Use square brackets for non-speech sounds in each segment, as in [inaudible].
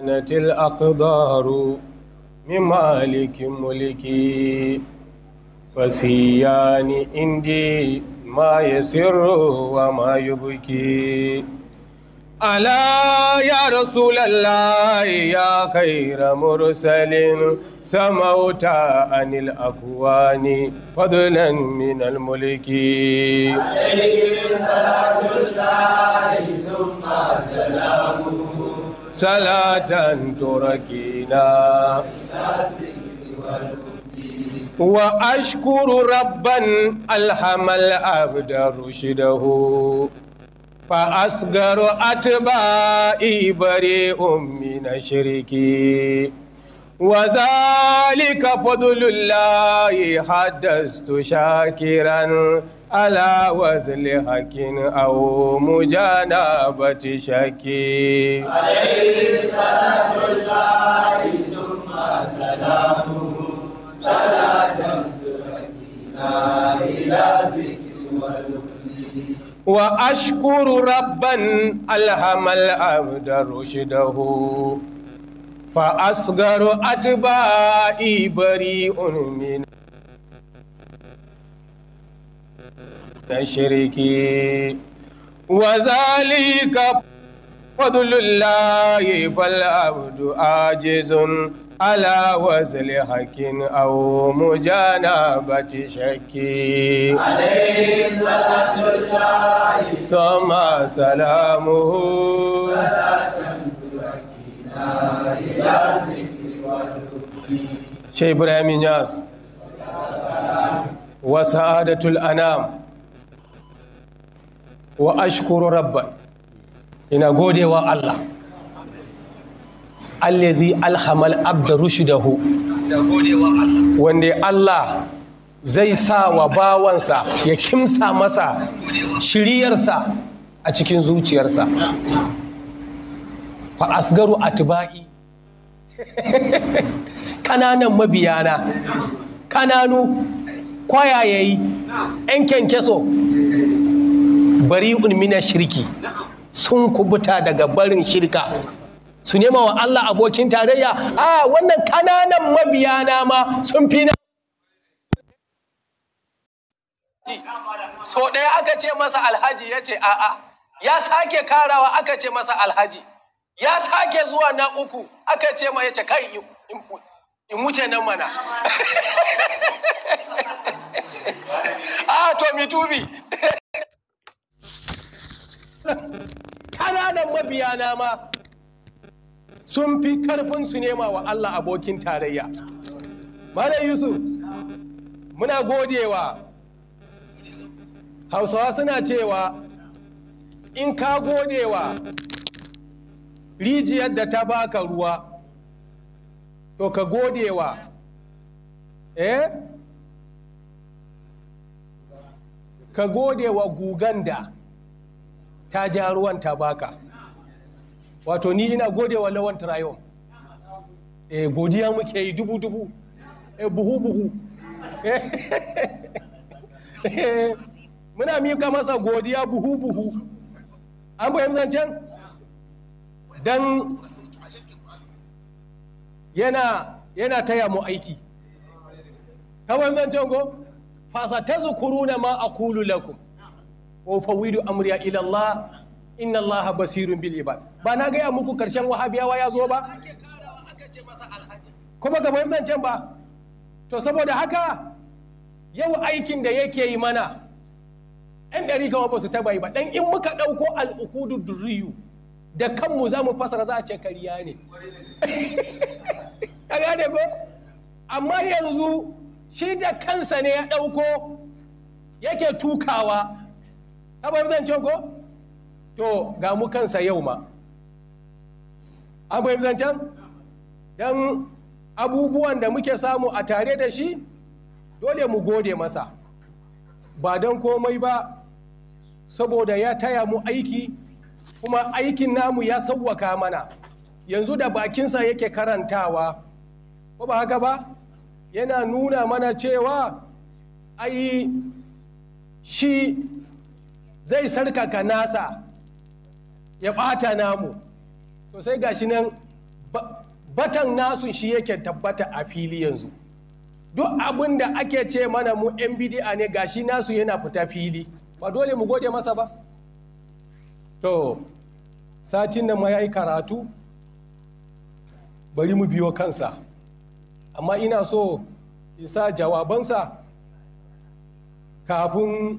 كانت الأقدار من مالك ملكي فسيان عندي ما يسر وما يبكي ألا يا رسول الله يا خير مرسل سموت عن الأكوان فضلا من الملك عليه الصلاة الله ثم سلامه صلاة تركينا وأشكر ربا ألحم العبد رشده فأصغر أتباعي بريء من شركي وذلك فضل الله حدثت شاكرا على وزل حق أو مجانبة شك عليه صلاة الله ثم سلامه صلاة تركنا إلى ذكر والمؤمنين وأشكر ربا ألهم العبد رشده فأصغر أتباعي بريء من تشركي وذلك فضل الله فالعبد عاجز على وزن حق أو مجانبة شك عليه صلاة الله ثم سلامه صلاة إلى ذكر شيخ إبراهيم نياس وسعادة الأنام wa ashkuru rabban ina godewa Allah allazi alhamal abda rushdahu ina godewa Allah wanda Allah zai sa wa bawansa ya kimsa masa shiriyarsa a cikin zuciyarsa fa asgaru atba'i [laughs] kananan mabiyana kananu kwayayayi 'yan kyankyaso bari'un mina shirki sun kubuta daga barin shirka su nema wa Allah abokin tarayya a wannan kananan mabiyana ma sun fi na so ɗaya aka ce masa alhaji ya ce a'a ya sake karawa aka ce masa alhaji ya sake zuwa na uku aka ce ma ya ce kai in wuce nan mana a [laughs] ah, to mitubi [laughs] kananan mabiya na ma sun fi karfin su nema wa Allah abokin tarayya Malam Yusuf muna godewa Hausawa suna cewa in ka godewa rijiyar da ta baka ruwa to ka godewa eh ka godewa gugan da ta ja ruwan ta baka wato ni ina gode wa lawan tarayon e eh, godiya muke yi dubu dubu e buhu buhu eh, [laughs] muna mika masa godiya buhu buhu an bayan zancen don yana yana taya mu aiki kawai zancen ko fasa ta zukuru na ma a kulu lakum wa fawidu amriya ila Allah inna Allah basirun bil ibad ba na gaya muku karshen wahabiyawa ya zo ba kuma ga bayan zancen ba to saboda haka yau aikin da yake yi mana ɗan ɗari kawai ba su taba yi ba ɗan in muka ɗauko al'ukudu duriyu da kanmu za mu fasara za a ce kariya ne [laughs] a amma yanzu shi da kansa ne ya ɗauko yake tukawa abu zance ko to ga mu kansa yau ma abu zance don abubuwan da muke samu a tare da shi dole mu gode masa ba don komai ba saboda ya taya mu aiki kuma aikin namu ya sauwaka mana yanzu da bakinsa yake karantawa ko ba haka ba yana nuna mana cewa ai shi zai sarkaka nasa ya ɓata namu to sai gashi nan batan nasu shi yake tabbata a fili yanzu duk abin da ake ce mana mu yan bidi'a ne gashi nasu yana fita fili ba dole mu gode masa ba to satin da ma ya yi karatu bari mu biyo kansa amma ina so isa jawabansa kafin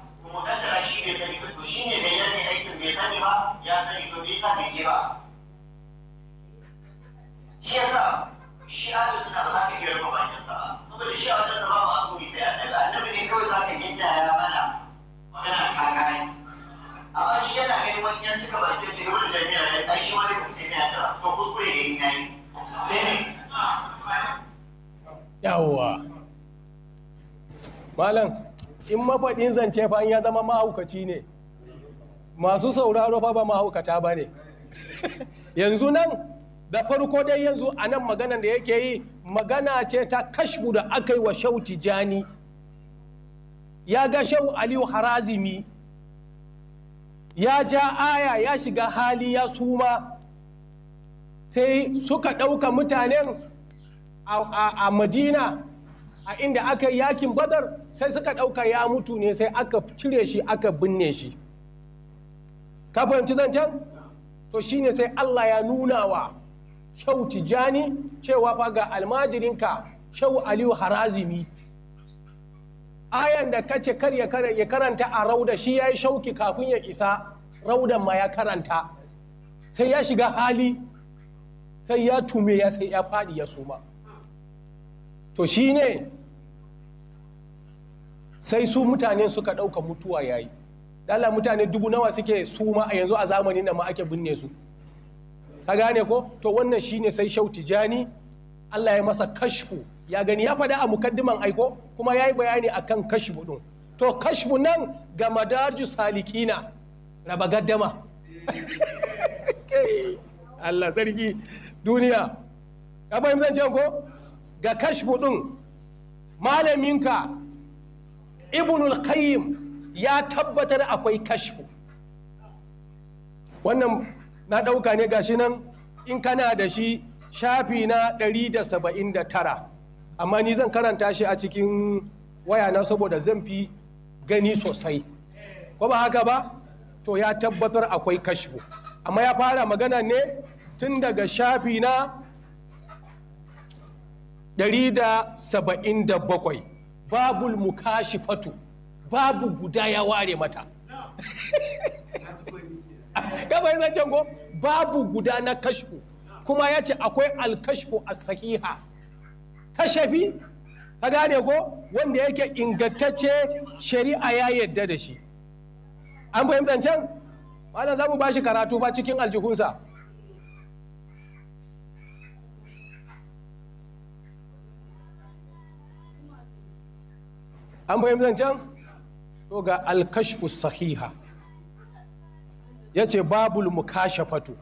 da shi bai sani ba to shine mai yanne aikin bai sani ba ya sani to bai sa bai je ba shi yasa shi ahlu sunna ba za ka iya rufe bakin sa saboda shi a wajen sa ba masu bi sai annabi annabi ne kawai za ka ginda ya mana magana ta gane amma shi yana ganin wani yan suka bakin ta yawon jami'a ne ai shi ma ne kuma jami'a ta to kuskure ne in yayi sai ne yawwa malam in mafaɗin zance fa ya zama mahaukaci ne masu sauraro fa ba mahaukata ba ne [laughs] yanzu nan da farko dai yanzu a nan magana da yake yi magana ce ta kashbu da aka yi wa shau tijani ya ga shau aliyu harazimi ya ja aya ya shiga hali ya suma sai suka ɗauka mutanen a madina a inda aka yi yakin badar sai suka ɗauka ya mutu ne sai aka cire shi aka binne shi ka fahimci zancen to shine sai allah ya nuna wa shau tijani cewa fa ga almajirinka shau aliyu harazimi ayan da kace kar ya karanta a rauda shi ya yi shauki kafin ya isa raudan ma ya karanta sai ya shiga hali sai ya tume ya sai ya faɗi ya suma to shi ne sai su mutane suka ɗauka mutuwa yayi dala mutane dubu nawa suke su ma a yanzu a zamanin da ma ake binne su ka gane ko to wannan shi ne sai shauti jani Allah ya masa kashfu ya gani ya faɗa a mukaddiman aiko kuma ya yi bayani a kan kashfu ɗin to kashfu nan ga madarju salikina raba gaddama [laughs] Allah sarki duniya ya fahimzan ko ga kashfu ɗin malaminka ibnul qayyim ya tabbatar akwai kashfu wannan na ɗauka ne gashi nan in kana da shi shafi na 179 amma ni zan karanta shi a cikin waya na saboda zan fi gani sosai ko ba haka ba to ya tabbatar akwai kashfu amma ya fara magana ne tun daga shafi na 177 babul fatu babu guda ya ware mata [laughs] kamar zancen ko babu guda na kashfu kuma ya ce akwai alkashfu a sahiha kashafi ka gane ko wanda yake ingantacce shari'a ya yadda da shi an zancen malam za mu ba shi karatu ba cikin aljihunsa an fahimci zancen to ga alkashfu sahiha ya ce babul mukashafatu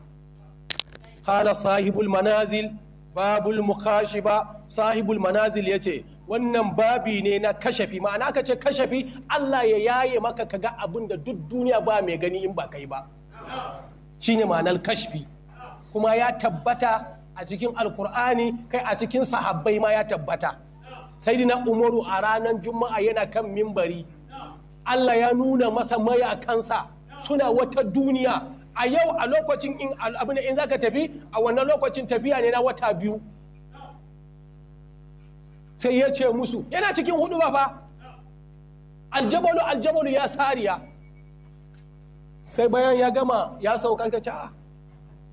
kala sahibul manazil babul mukashiba sahibul manazil ya ce wannan babi ne na kashafi ma'ana aka ce kashafi Allah ya yaye maka ka ga abin da duk duniya ba mai gani in ba kai ba ne ma'anar kashfi kuma ya tabbata a cikin alkur'ani kai a cikin sahabbai ma ya tabbata sai saidina umaru a ranar juma'a yana kan mimbari Allah ya nuna masa mayakansa suna wata duniya a yau a lokacin in ne in zaka tafi a wannan lokacin tafiya ne na wata biyu sai ya ce musu yana cikin hudu ba fa aljabalu aljabalu ya sariya sai bayan ya gama ya sauka ka ce ah,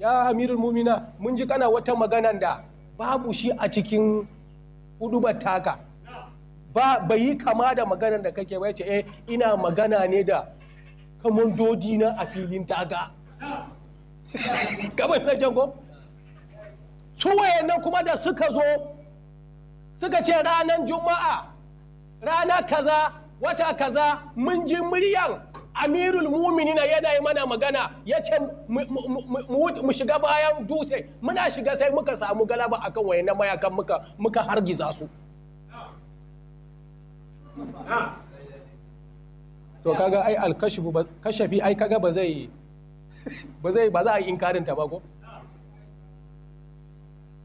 ya amirul mumina mun ji kana wata maganan da babu shi a cikin hudu ba taka ba bai yi kama da maganar da kake bai ce eh ina magana ne da kamandodi na a filin taga kamar zancen jango su wayannan kuma da suka zo suka ce ranar juma'a rana kaza wata kaza mun ji muryan amirul muminina yana yi mana magana ya ce mu shiga bayan dutse muna shiga sai muka samu galaba akan na mayakan muka muka hargiza su to kaga ai alkashifu kashafi ai kaga ba zai ba zai ba za a yi inkarin ta ba ko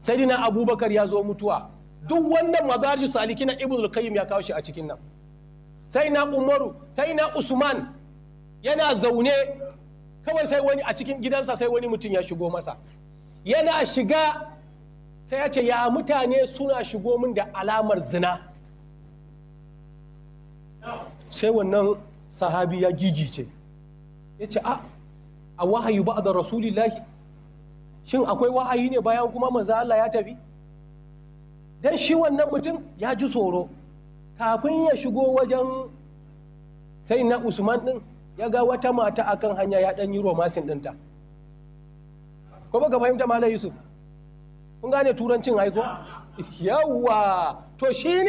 sayyidina abubakar ya zo mutuwa duk wannan madarju saliki na ibn al-qayyim ya kawo shi a cikin nan sai na umaru sai na usman yana zaune kawai sai wani a cikin gidansa sai wani mutum ya shigo masa yana shiga sai ya ce ya mutane suna shigo min da alamar zina sai wannan sahabi ya gigice ya ce a ah, a wahayi ba da rasulillahi shin akwai wahayi ne bayan kuma manzo Allah ya tafi dan shi wannan mutum ya ji tsoro kafin ya shigo wajen sai na usman din ya ga wata mata a kan hanya ya ɗan yi romasin ɗinta ko ba ka fahimta malam yusuf kun gane turancin haiko yawwa to shine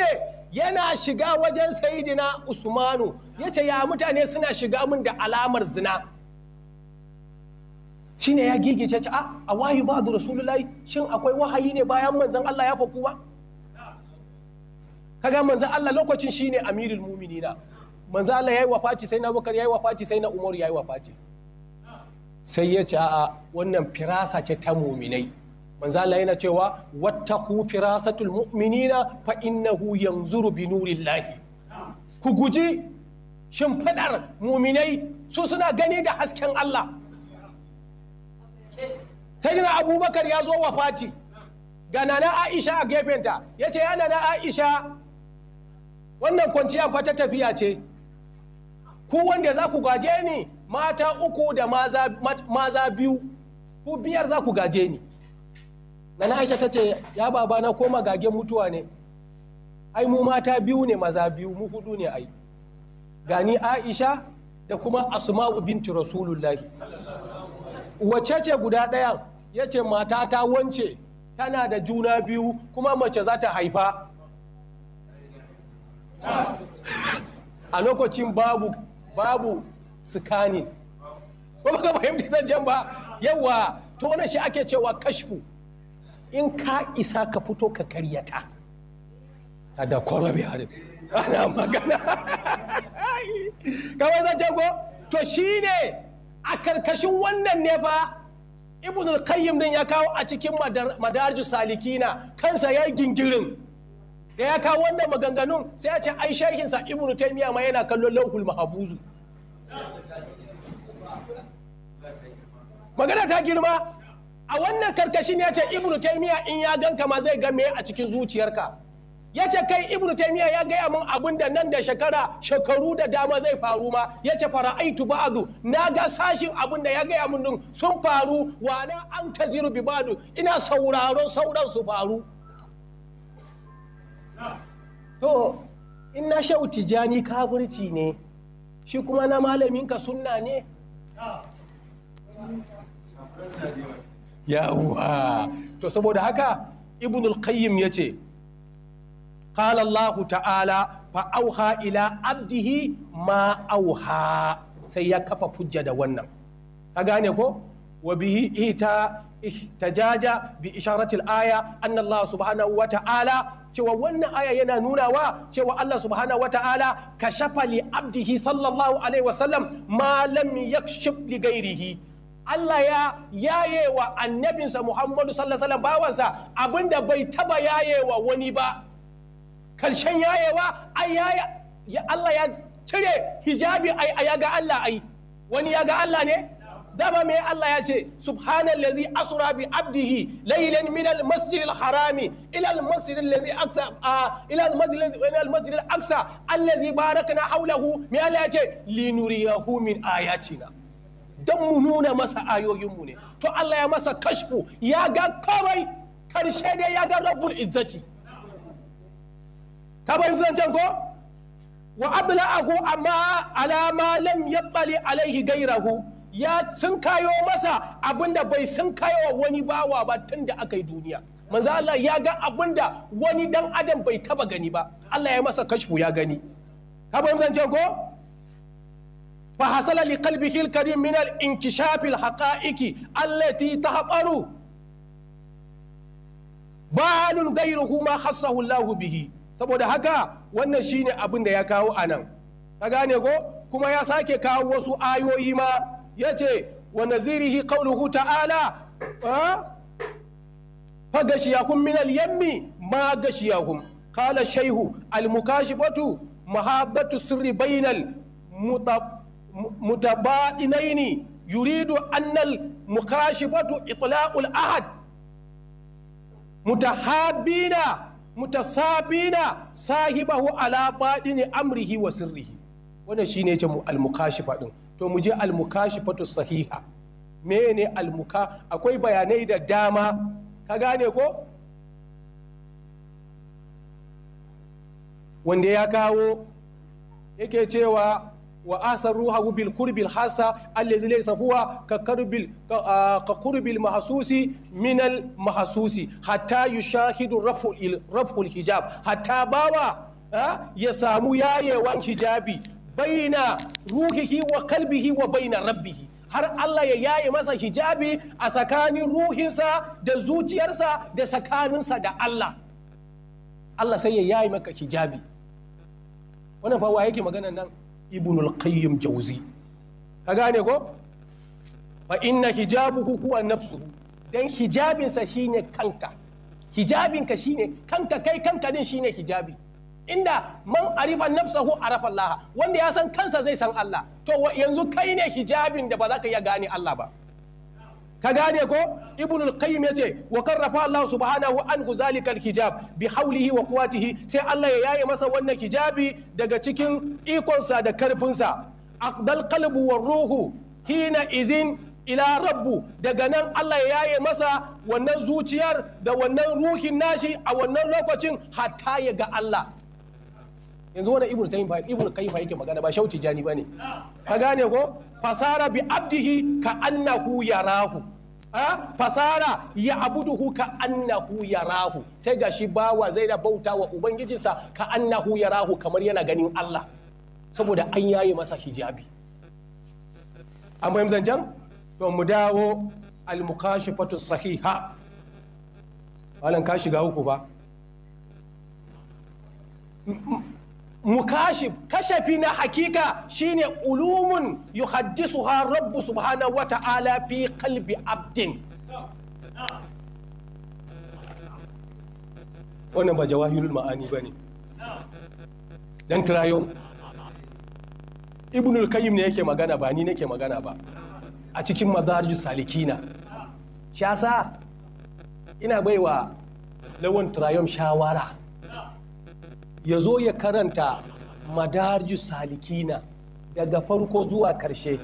yana shiga wajen sayidina usmanu ya ce ya mutane suna shiga min da alamar zina shine ya gigice ce a wayi ba da rasulullahi shin akwai wahayi ne bayan manzan Allah ya faku ba kaga manzan Allah lokacin shine amirul na. manzo Allah yayi wafati sai na Abubakar yayi wafati sai na Umar yayi wafati sai ya ce a'a wannan firasa ce ta muminai manzo Allah yana cewa wattaqu firasatul mu'minina fa innahu yanzuru bi nurillahi ku guji shimfiɗar muminai su suna gani da hasken Allah sai na Abubakar ya zo wafati ga nana Aisha a gefenta yace ya nana Aisha wannan kwanciya fa ta tafiya ce ku wanda za ku gaje ni mata uku da maza biyu ku biyar za ku gaje ni na aisha ta ce ya baba na koma gagen mutuwa ne ai mu mata biyu ne maza biyu mu hudu ne ai gani aisha da kuma asma'u binti rasulullahi wace ce guda ɗaya ya ce mata ta wance tana da juna biyu kuma mace za ta haifa a lokacin babu babu scanning ba ga fahimci jan ba yawa to wannan shi ake cewa kashfu in ka isa ka fito ka karyata ta da korobi harin ana magana kawai zancen ko to shine a karkashin wannan ne fa ibn al-qayyim din ya kawo a cikin madarju salikina kansa ya gingirin da ya kawo wannan maganganun sai a ce ai shehin sa ibnu taymiya ma yana kallon lawhul mahabuzu magana ta girma a wannan karkashin ya ce ibnu taymiya in ya ganka ma zai ga me a cikin zuciyarka ya ce kai ibnu taymiya ya gaya mun abin da nan da shekara shekaru da dama zai faru ma ya ce fara'aitu ba'adu na ga sashin abin da ya gaya mun sun faru wa na an taziru bi ba'adu ina sauraron sauran su faru to in na shau tijani kafirci ne shi kuma na malaminka sunna ne yawwa to saboda haka ibn al-qayyim ya ce Allah ta'ala fa'auha ila abdihi ma auha sai ya kafa fujja da wannan ka gane ko wa bihi ita ihtajaja bi isharatil aya anna Allah subhanahu wa ta'ala cewa wannan aya yana nuna wa? cewa Allah subhanahu wa ta'ala kashafa li abdihi sallallahu alaihi wasallam ma lam yakshif li ghairihi Allah ya yayewa annabinsa Muhammadu sallallahu alaihi wasallam bawansa abinda bai taba yayewa wani ba karshen yayewa ai ya Allah ya cire hijabi ai ya ga Allah ai wani ya ga Allah ne dama me Allah ya ce lazi asura bi abdihi laylan min masjidil harami ila masjidil lazi aqsa ila almasjidil ila aqsa allazi barakna hawlahu me Allah ya ce linuriyahu min ayatina dan mu nuna masa mu ne to Allah ya masa kashfu ya ga kawai karshe dai ya ga rabbul izzati ka bayin zancen ko wa adla'ahu amma alama lam yabbali alaihi gairahu ya sun kayo masa abinda bai sun kayo wani bawa ba tun da aka yi duniya manzo Allah ya ga abinda wani dan adam bai taba gani ba Allah ya masa kashfu ya gani ka zan ce ko fa hasala li qalbihi al-karim min al-inkishaf al-haqa'iqi allati tahqaru balun ghayruhu ma hasahu, Allah bihi saboda haka wannan shine abin da ya kawo anan ka gane ko kuma ya sake kawo wasu ayoyi ma ya ce wa nazirihi qawluhu ta'ala fa gashiyahum min yammi ma gashiyahum Kala shaihu al mahabbatu sirri bainal mutabadinaini yuridu annal mukashifatu itla'ul ahad mutahabina mutasabina sahibahu ala badini amrihi wa sirrihi wannan shine ce al mukashifa din to mu je almukashifatu sahiha mene almuka akwai bayanai da dama ka gane ko wanda ya kawo yake cewa wa asar ruha bil kurbil hasa allazi laysa huwa ka karbil ka kurbil mahsusi min al mahsusi hatta yushahidu raful raful hijab hatta bawa eh, ya samu yayewan hijabi baina ruhihi wa kalbihi wa baina rabbihi har Allah ya yaye masa hijabi a tsakanin ruhinsa da zuciyarsa da tsakaninsa da Allah Allah sai ya yaye maka hijabi wannan fa waye yake magana nan al qayyim jauzi ka gane ko fa inna hijabuhu huwa nafsu dan hijabinsa shine kanka hijabinka shine kanka kai kanka din shine hijabi inda man arifa nafsahu a Allah wanda ya san kansa zai san Allah to yanzu kai ne hijabin da ba za ka iya gane Allah ba ka gane ko ibnul qayyim yace wa karrafa Allah subhanahu an zalika hijab bi haulihi wa quwwatihi sai Allah ya yaye masa wannan hijabi daga cikin ikonsa da karfinsa aqdal qalbu war ruhu hina izin ila rabbu daga nan Allah ya yaye masa wannan zuciyar da wannan ruhin nashi a wannan lokacin hatta ya ga Allah yanzu wani ibnu tayyib ibnu kayfa yake magana ba shauti jani bane ka gane ko fasara bi abdihi ka annahu yarahu fasara ya abuduhu ka annahu yarahu sai gashi bawa zai da bauta wa ubangijinsa ka annahu yarahu kamar yana ganin Allah saboda an yaye masa hijabi an bayan zancen to mu dawo al-mukashifatu sahiha malam ka shiga uku ba mukashif kashafi na hakika shine ulumun ha rabbu subhanahu wata'ala fi qalbi abdin wannan ba jawahirul ma'ani bane dan tirayo ibnul qayyim ne yake magana ba ni nake magana ba a cikin madarijus salikina shasa ina baiwa lawan tirayon shawara ya zo ya karanta madarju salikina daga farko zuwa karshe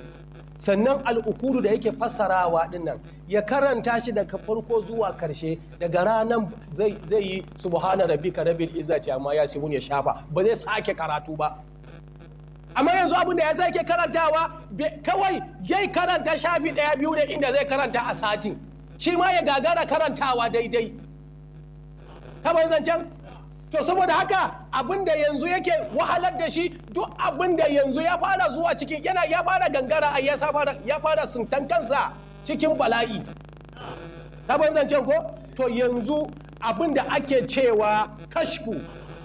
sannan al'ukuru da yake fassarawa dinnan ya karanta shi daga farko zuwa karshe daga ranar zai yi subhana rabbika rabbil izzati amma ya sibun ya shafa ba zai sake karatu ba amma yanzu abin da ya sake karantawa kawai yai karanta shafi daya biyu da inda zai karanta a sati shi ma ya gagara karantawa daidai kamar zancen to saboda haka abin da yanzu yake wahalar da shi duk abin da yanzu ya fara zuwa cikin yana ya fara gangara yasa ya fara sintan kansa cikin bala'i ta banzance ko to yanzu abin da ake cewa kashfu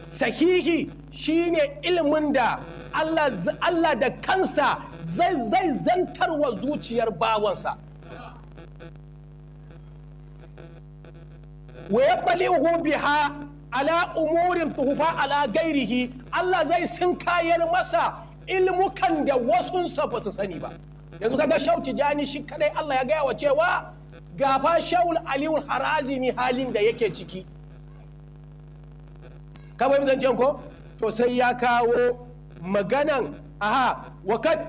sahihi shine ilimin da Allah da kansa zai zai zantarwa zuciyar bawansa wa yabbalihu biha ala umurin tuhufa ala gairihi Allah zai sun kayar masa ilmukan da wasunsa ba su sani ba yanzu kaga shauti jani shi kadai Allah ya gaya wa cewa gafa shaul aliyu harazimi halin da yake ciki ka bai zancen ko to sai ya kawo maganan aha wakad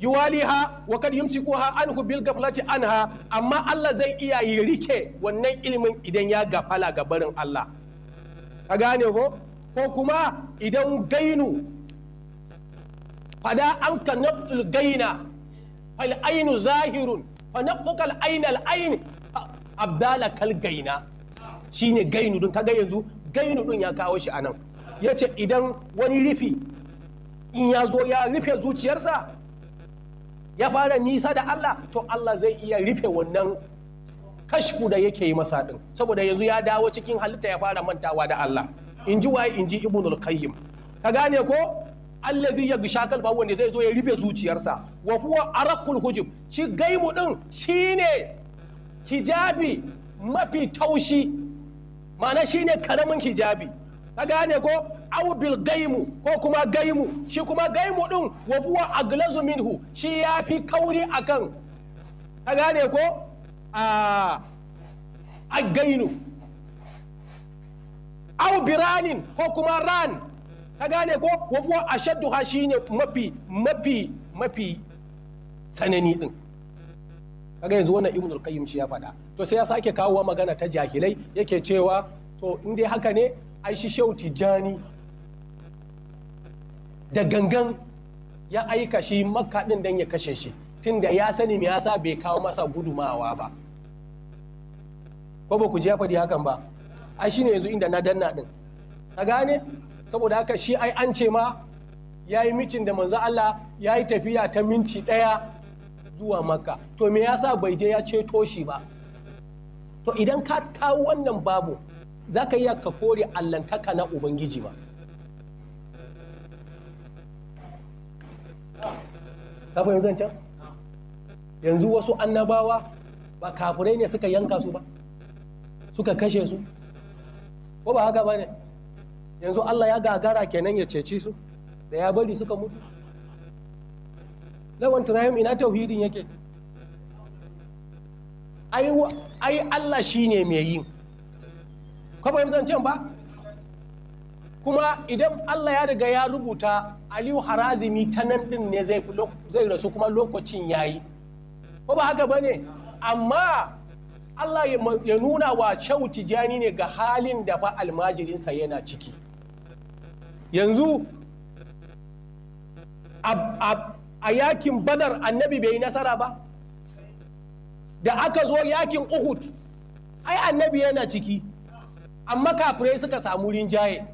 yuwaliha wakad yumsikuha anhu bil gaflati anha amma Allah zai iya yi rike wannan ilimin idan ya gafala ga barin Allah ka gane ko ko kuma idan gainu fada an ka naqtul gaina fal ainu zahirun fa naqtuka al abdala kal gaina shine gainu ta ga yanzu gainu ɗin ya kawo shi anan yace idan wani rufi in ya zo ya rufe zuciyarsa ya fara nisa da Allah to Allah zai iya rufe wannan kashfu da yake yi masa din saboda yanzu ya dawo cikin halitta ya fara mantawa da Allah in ji waye in ji al qayyim ka gane ko allazi ya gisha kalba wanda zai zo ya rufe zuciyarsa wa huwa araqul hujub shi gaimu din shine hijabi mafi taushi ma'ana shine karamin hijabi ka gane ko aw bil gaimu ko kuma gaimu shi kuma gaimu din wa huwa aglazu minhu shi yafi kauri akan ka gane ko a gainu au biranin ko kuma ran ka gane ko wafuwa a shi shine mafi mafi mafi tsanani din kaga yanzu wannan ibnul qayyim shi ya faɗa to sai ya sake kawo magana ta jahilai yake cewa to in dai haka ne ai shi Shauti tijjani da gangan ya aika shi makka din dan ya kashe shi tunda ya sani me yasa bai kawo masa gudumawa ba ba ba ku je ya faɗi hakan ba ai shine yanzu inda na danna din ka gane saboda haka shi ai an ce ma ya yi micin da manzo Allah ya yi tafiya ta minti ɗaya zuwa makka to me yasa bai je ya ceto shi ba to idan ka kawo wannan babu za ka iya ka kore allantaka na ubangiji ba ka yanzu wasu annabawa ba kafirai ne suka yanka su ba suka kashe su ko ba haka ba ne yanzu allah ya gagara kenan ya ceci su da ya bari suka mutu lawan turayim ina tauhidin yake ai allah shine mai yi kwaba yanzu zancen ba kuma idan allah ya daga ya rubuta aliyu harazimi ta nan din ne zai rasu kuma lokacin yayi ko ba haka ba ne amma Allah ya nuna wa kyau Tijjani ne ga halin da fa almajirinsa yana ciki yanzu a yakin badar annabi bai yi nasara ba da aka zo yakin uhud ai annabi yana ciki amma kafirai suka samu rinjaye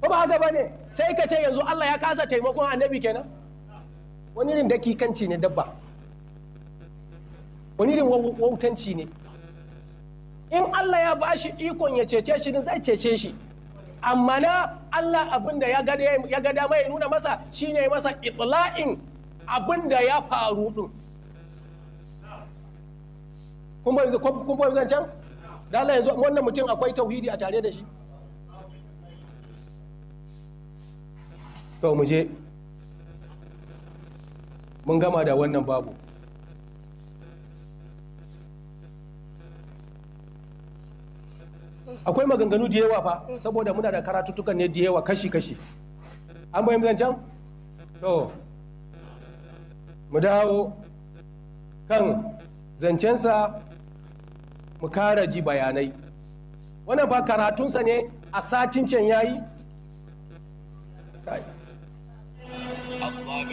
ba haka ba ne sai ka ce yanzu Allah ya kasa taimakon annabi kenan wani irin dakikanci ne dabba wani irin wautanci ne in Allah ya bashi ikon ya cece shi din zai cece shi amma na Allah abin da ya gada ya mai nuna masa shine ya masa itla'in abin da ya faru din kun bai yanzu can da Allah yanzu wannan mutum akwai tauhidi a tare da shi to mu je mun gama da wannan babu akwai maganganu da yawa fa saboda muna da karatuttukan ne da yawa kashi-kashi an bayan zancen? to mu dawo kan zancensa mu kara ji bayanai wannan ba karatunsa ne a satin can yayi Allah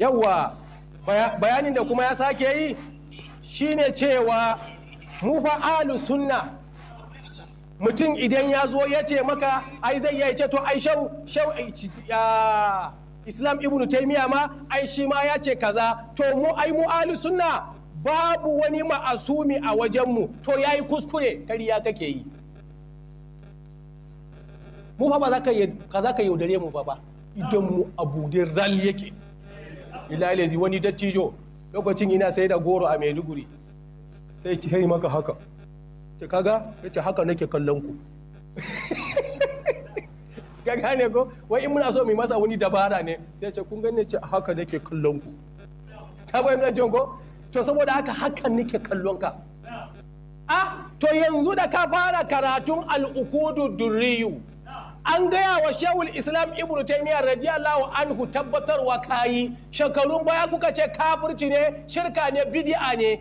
yawwa bayanin da kuma ya sake yi shine cewa mu alu sunna mutum idan ya zo ya ce maka ai zai ya ce to ai shau shau eh, islam ibnu taimiyya ma ai shi ma ya ce kaza to mu ai mu alu sunna babu wani ma'asumi a wajenmu to ya yi kuskure kariya kake yi mu fa ba za ka yaudare mu ba ba idan mu abu da ral yake ilalezi wani dattijo lokacin ina sai da goro a maiduguri sai ki yi maka haka ta kaga ya ce haka nake kallon ku ga [laughs] gane ko wai in muna so mai masa wani dabara ne sai ce kun gane ce haka nake kallon ku ta bai zancen ko to saboda haka haka nake kallon ka ah to yanzu da ka fara karatun al'ukudu durriyu an gaya wa shehul islam ibnu taimiyya radiyallahu anhu tabbatarwa kayi shekarun baya kuka ce kafirci ne shirka ne bidi'a ne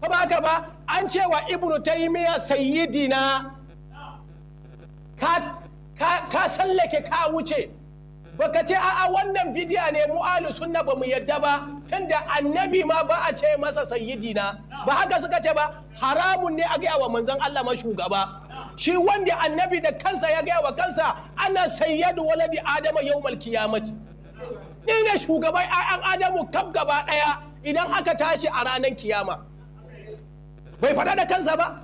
ba haka ba an cewa ibnu taimiyya sayyidina ka sallake ka wuce baka ce a'a wannan bidiya ne mu sunna ba mu yadda ba tunda annabi ma ba a ce masa sayyidina ba haka suka ce ba haramun ne a gaya wa manzon Allah ma shugaba shi wanda annabi da kansa ya gaya wa kansa ana sayyadu waladi adama yau Malkiyamati. ni ne shugaban ayan adamu kaf gaba daya idan aka tashi a ranar kiyama bai faɗa da kansa ba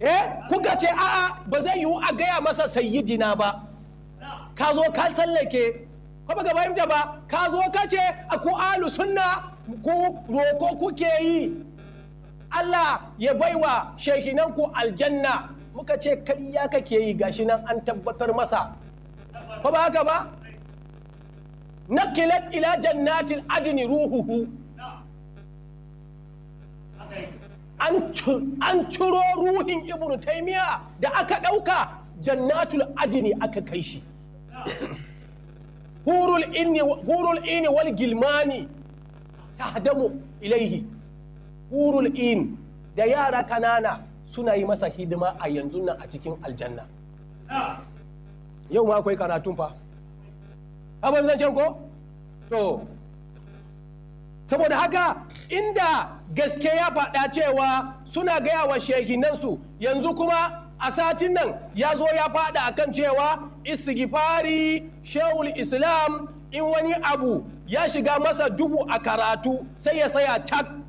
eh kuka ce a'a ba zai yiwu a gaya masa sayyidina ba ka zo ka tsallake ko ba fahimta ba ka zo ka ce a ku alu sunna ku roko kuke yi Allah ya baiwa shekinanku aljanna muka ce karya kake yi gashi nan an tabbatar masa ko ba haka ba nakilat ila jannatin adini ruhuhu an ciro ruhin ibnu taimiya da aka ɗauka jannatul adini aka kai shi hurul ini wal gilmani ta hadamu ilaihi hurul in da yara kanana suna yi masa hidima a yanzu nan a cikin aljanna ah. yau ma akwai karatun fa abin zancen ko to saboda haka inda gaske ya faɗa cewa suna gaya wa sheginansu yanzu kuma a satin nan ya zo ya faɗa akan cewa isgifari shehul islam in wani abu ya shiga masa dubu a karatu sai ya saya cak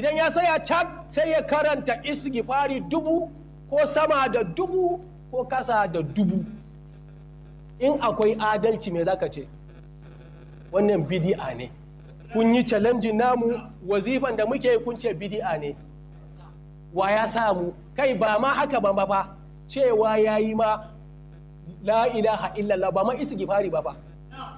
idan ya saya cak sai ya karanta istighfari dubu ko sama da dubu ko kasa da dubu in akwai adalci mai zaka ce wannan bidi'a ne kun yi challenge namu wazifan da muke kun ce bidi'a ne wa ya samu kai ba ma haka ba ba cewa yayi ma la ilaha illallah ba ma istighfari ba ba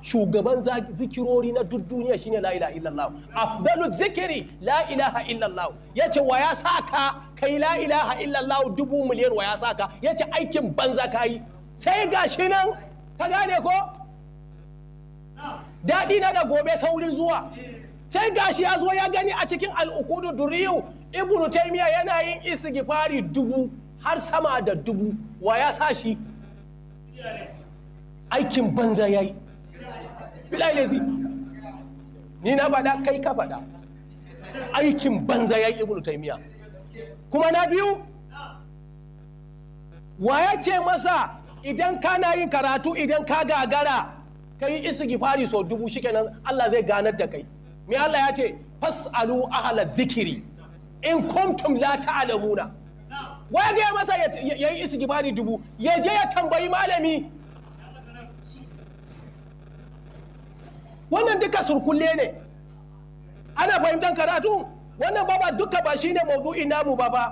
shugaban zikirori na duk duniya shine la ilaha illallah afdalu zikiri la ilaha illallah yace wa ya saka kai la ilaha illallah dubu miliyan wa ya saka yace aikin banza kai sai gashi nan ka gane ko daɗi na da gobe saurin zuwa sai gashi ya zo ya gani a cikin al'ukudu duriyu ibnu taymiya yana yin istighfari dubu har sama da dubu wa ya sa shi aikin banza yayi ni na faɗa kai ka faɗa aikin banza ya yi ibnu taimiya kuma na biyu wa ya ce masa idan kana yin karatu idan ka gagara ka yi istighfari sau dubu shikenan Allah zai ganar da kai me Allah ya ce fas'alu ahla zikiri in kuntum la ta'lamuna wa ya masa yayi gifari dubu ya je ya tambayi malami wannan duka surkulle ne ana fahimtar karatu wannan baba duka ba ne maudu'in namu ba ba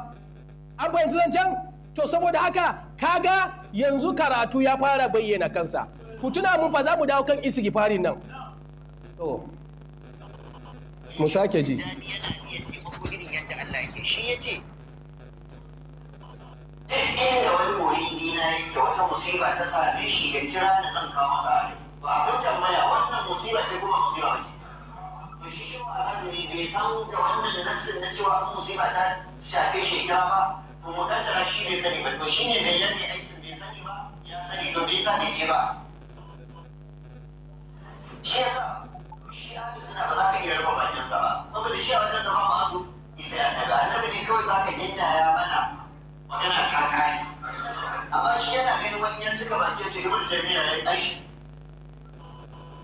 an fahimci zancen to saboda haka kaga yanzu karatu ya fara bayyana kansa ku tuna mun fa za mu dawo kan farin nan to mu sake ji shi yace duk inda wani muridi na yake wata musiba ta same shi ya jira da zan kawo masa ba abin tambaya wannan musiba ce kuma musiba ba ce to shi shi ba azumi bai san da wannan nassin na cewa in musiba ta shafe shi ba to mu kaddara shi bai sani ba to shi ne da yanke aikin bai sani ba ya sani to bai sa bai je ba shi yasa shi ahli sunna ba za ka iya rufe bakin sa ba saboda shi a wajen sa ba masu isa ya daga annabi ne kawai za ka jinta ya mana magana ta kare amma shi yana ganin wani yanzu ka bakin ta ibnu jami'a ya yi aishi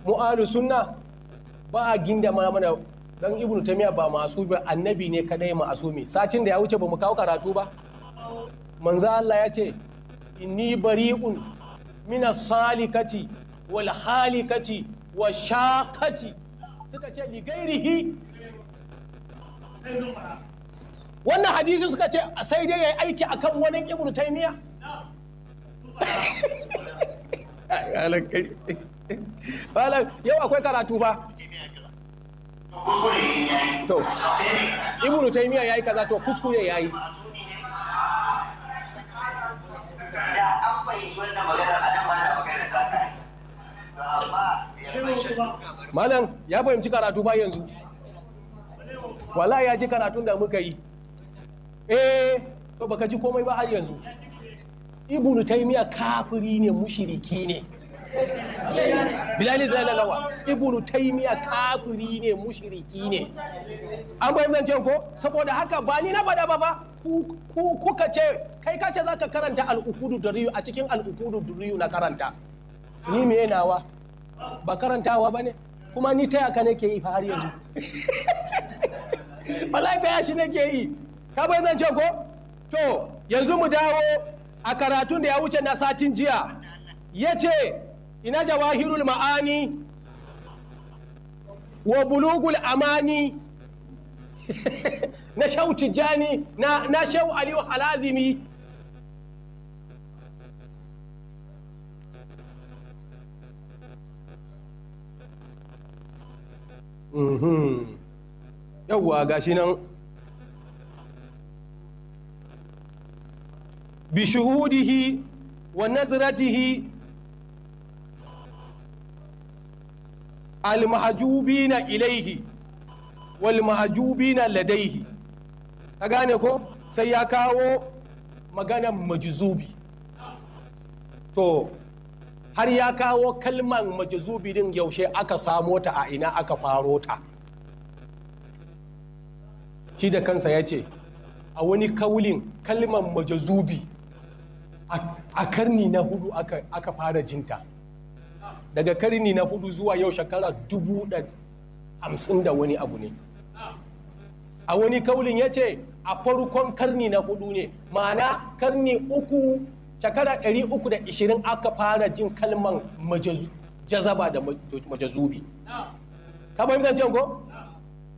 mu'alu suna sunna ba a ginda mana mana dan ibnu tamiya ba masu ba annabi ne kadai masumi satin da ya wuce ba mu kawo karatu ba manzo Allah ya ce inni bari'un mina salikati wal halikati wa shaqati suka ce li gairihi wannan hadisi suka ce sai dai yayi aiki akan wani ibnu taymiya malam yau akwai karatu ba to ibnu taymiya yayi kaza to kuskure yayi da an fahimci wannan maganar a nan ba na magana ta malam ya fahimci karatu ba yanzu wala ya ji karatun da muka yi eh to baka ji komai ba har yanzu ibnu taymiya kafiri ne mushiriki ne bilali lalawa ibnu taymiya kafiri ne mushriki ne an bayan zance ko saboda haka ba ni na bada ba ba ku kuka ce kai kace zaka karanta al'ukudu duriyu a cikin al'ukudu duriyu na karanta ni me nawa ba karantawa bane kuma ni taya ka nake yi fahari yanzu [laughs] wallahi taya shi nake yi ka bayan zance ko to yanzu mu dawo a karatun da ya wuce na satin jiya ya ce ina jawahirul ma'ani wa bulugul amani [laughs] na shau tijjani na, na shau aliyu halazimi mm -hmm. gashi nan bi shuhudihi wa nazratihi almahajubina ilaihi walmahajubina na ladaihi ka gane ko sai ya kawo maganan majazubi to har ya kawo kalman majazubi din yaushe aka samo ta a ina aka faro ta shi da kansa ya ce a wani kaulin kalman majazubi a karni na hudu aka fara jinta daga karni na hudu zuwa yau shekara dubu da hamsin da wani abu ne a wani kaulin ya ce a farkon karni na hudu ne ma'ana karni uku shekara ɗari uku da ishirin aka fara jin kalman jazaba da majazubi ka bayan zancen ko?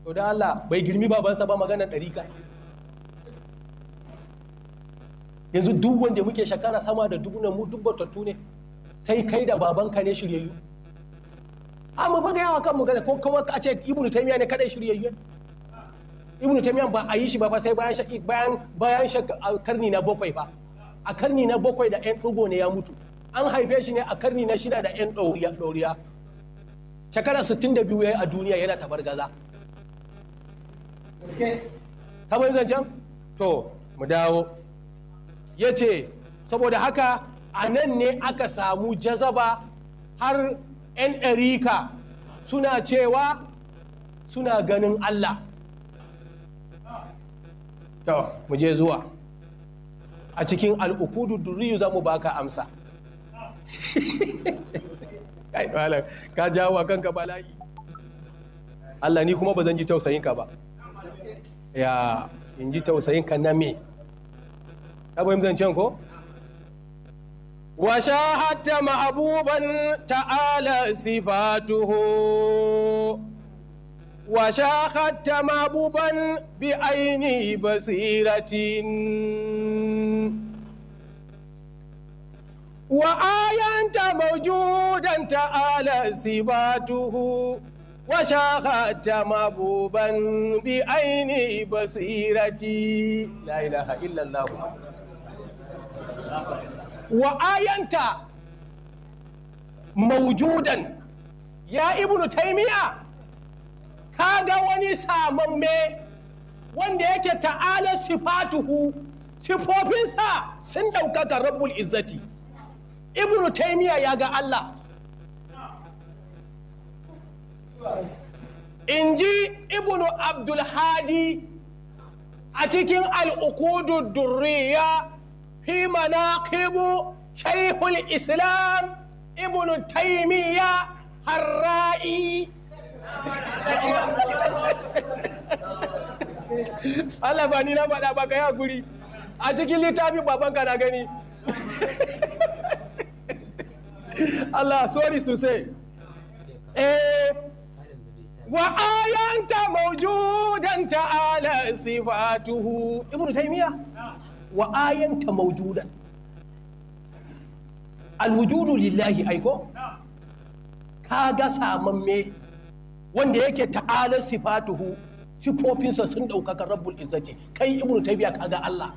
to da Allah bai girmi babansa ba magana ka. yanzu duk wanda muke shekara sama da dubu na mu dubbatattu ne sai kai da babanka ne shiryayyu a mu fa gaya kanmu gaza ko kuma ka ce ibnu taymiya ne kadai shiryayyu ibnu taymiya ba a yi shi ba fa sai bayan bayan bayan karni na bakwai ba a karni na bakwai da yan dugo ne ya mutu an haife shi ne a karni na shida da yan ɗoriya ɗoriya shekara ya yi a duniya yana tabargaza ka bayan zancen to mu dawo Ya ce saboda haka a nan ne aka samu jazaba har 'yan ɗarika suna cewa suna ganin Allah to mu je zuwa a cikin al'ukudu duriyu za mu baka amsa [laughs] ka jawo wa kanka la'i. Allah ni kuma ba zan ji tausayinka ba ya in ji tausayinka na me ta bayan zancen ko? وشاهدت محبوبا تعالى صفاته وشاهدت محبوبا بعيني بصيرة وآينت موجودا تعالى صفاته وشاهدت محبوبا بعيني بصيرتي لا إله إلا الله wa ayanta maujudan ya ibnu taimiya ga wani samamme wanda yake ta'ala sifatuhu sifofinsa sun ɗaukaka rabbul izzati ibnu taimiya ya ga allah in ji ibnu abdulhadi a cikin al'ukudu durriya fi manaqibu shaykhul islam ibn taymiya harra'i Allah ba ni na faɗa ba ya guri, a cikin littafin babanka na gani Allah sorry to say eh wa ayanta mawjudan ta'ala sifatuhu ibnu taymiya wa ayanta maujuda alwujudu lillahi aiko ka ga samamme wanda yake ta'ala sifatuhu sifofinsa sun ɗaukaka rabbul izzati kai ibnu taymiya ka ga Allah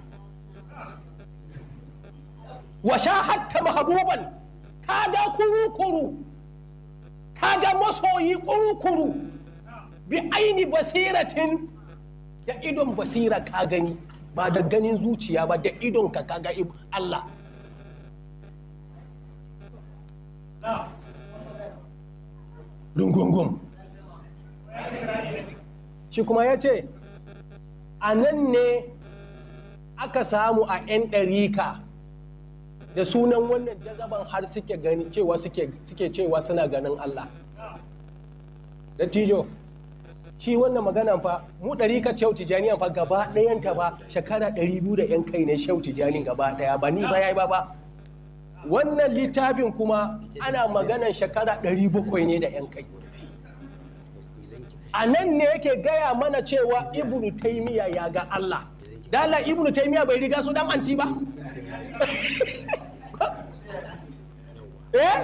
wa shahatta mahbuban ka ga kurukuru ka ga masoyi kurukuru bi aini basiratin da idon basira ka gani ba da ganin zuciya ba da idon ka ga Allah rungungun shi kuma ya ce a nan ne aka samu a 'yan ɗarika da sunan wannan jazaban har suke gani cewa suke cewa suna ganin Allah da tijo shi wannan maganan fa mu ɗari ka shau tijaniyan fa gaba ɗayan ta ba shekara ɗari biyu da yan kai ne shau tijanin gaba ɗaya ba nisa ya yi ba ba wannan littafin kuma ana maganan shekara ɗari bakwai ne da yan kai a nan ne yake gaya mana cewa ibnu taimiya ya ga Allah dala ibnu taimiya bai riga su dan anti ba [laughs] eh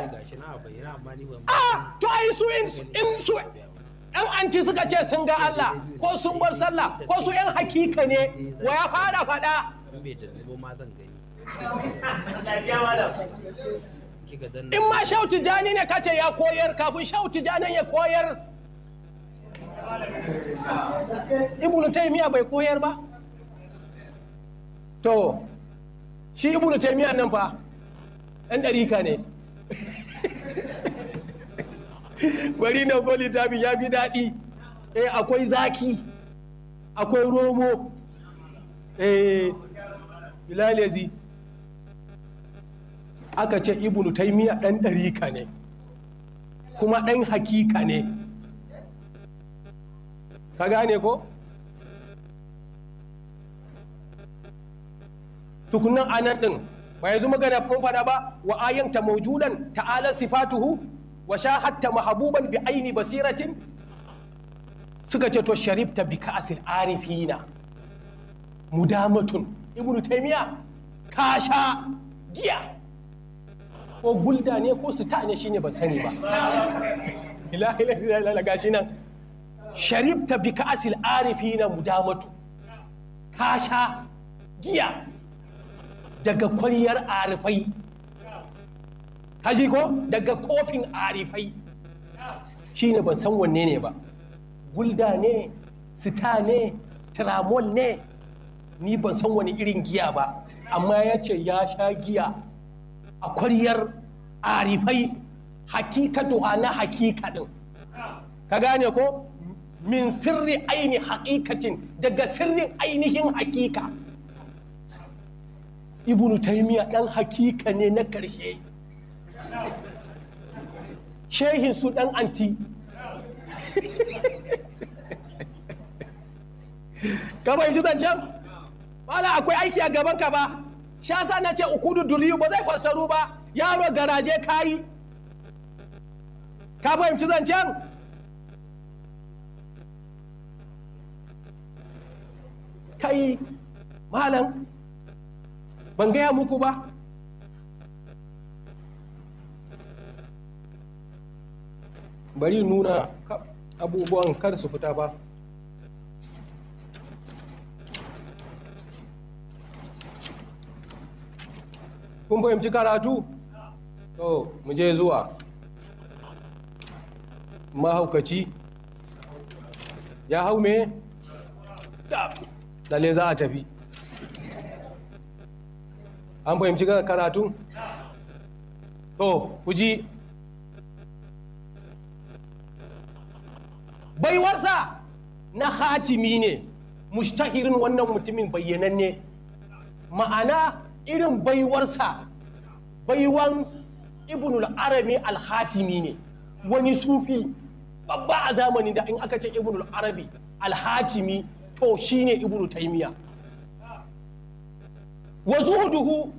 ah, to ai su in su ɗan anti suka ce sun ga Allah ko sun bar sallah ko su 'yan hakika ne wa ya fara faɗa in ma shauti jani ne kace ya koyar kafin shauti janin ya koyar ibnu taimiya bai koyar ba to shi ibnu taimiya nan fa ɗan ɗarika ne [laughs] [laughs] bari na ta bi ya fi daɗi eh akwai zaki akwai romo eh bilalezi aka ce ibnu taimiya ɗan ɗarika ne kuma ɗan hakika ne ka gane ko tukunan anan ɗin ba yanzu magana fun faɗa ba wa ayanta maujudan ta'ala sifatuhu wa sha hatta mahabuban bi aini basiratin suka ce to sharifta bi ka'asil arifina mudamatun ibnu taymiya ka sha giya ko gulda ne ko su ta ne shine ban sani ba ilahi la gashi nan sharifta bi ka'asil arifina mudamatu ka sha giya daga kwaryar arifai haji ko daga kofin arifai shine ban san wanne ne ba gulda ne sita ne tramol ne ni ban san wani irin giya ba amma ya ce ya sha giya a kwaryar arifai hakikatu na din ka gane ko min sirri aini hakikatin daga sirrin ainihin hakika ibnu taimiyya dan hakika ne na karshe. shehin su ɗan anti ka fahimci zancen bala akwai aiki a gaban ka ba sha na ce ukudu duliyu ba zai fassaru ba yaro garaje kayi ka fahimci zancen kai malam ban gaya muku ba bari nuna abubuwan kar su fita ba kun fahimci karatu to mu je zuwa mahaukaci ya hau me dalilin za a tafi an fahimci karatu to ku ji baiwarsa na hatimi ne mushtahirin wannan mutumin ne ma'ana irin baiwarsa baiwan ibnul arabi al-hatimi ne wani sufi babba a zamani da in aka ce ibnul arabi al-hatimi to shine ibnu taymiya wa zuhuduhu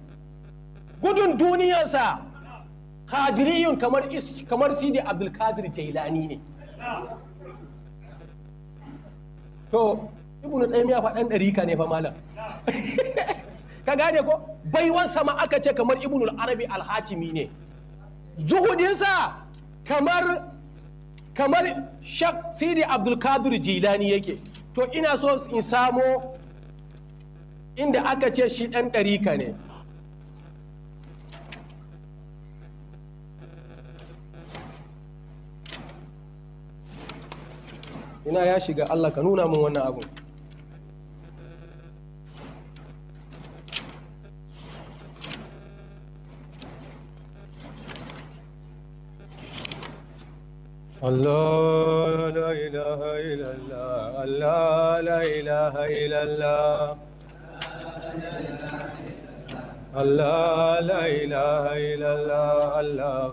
gudun duniyarsa kadiriyun kamar sidi abdul kadir jailani ne to ibnu taymiya fa dan dariqa ne fa malam [laughs] ka gane ko baiwan sama aka ce kamar ibnu arabi al-hatimi ne zuhudinsa kamar kamar shak sidi abdul kadir jilani yake to ina so in samo inda aka ce shi dan dariqa ne ina ya shiga Allah ka nuna min wannan abu الله لا إله إلا الله الله لا إله إلا الله الله لا إله إلا الله الله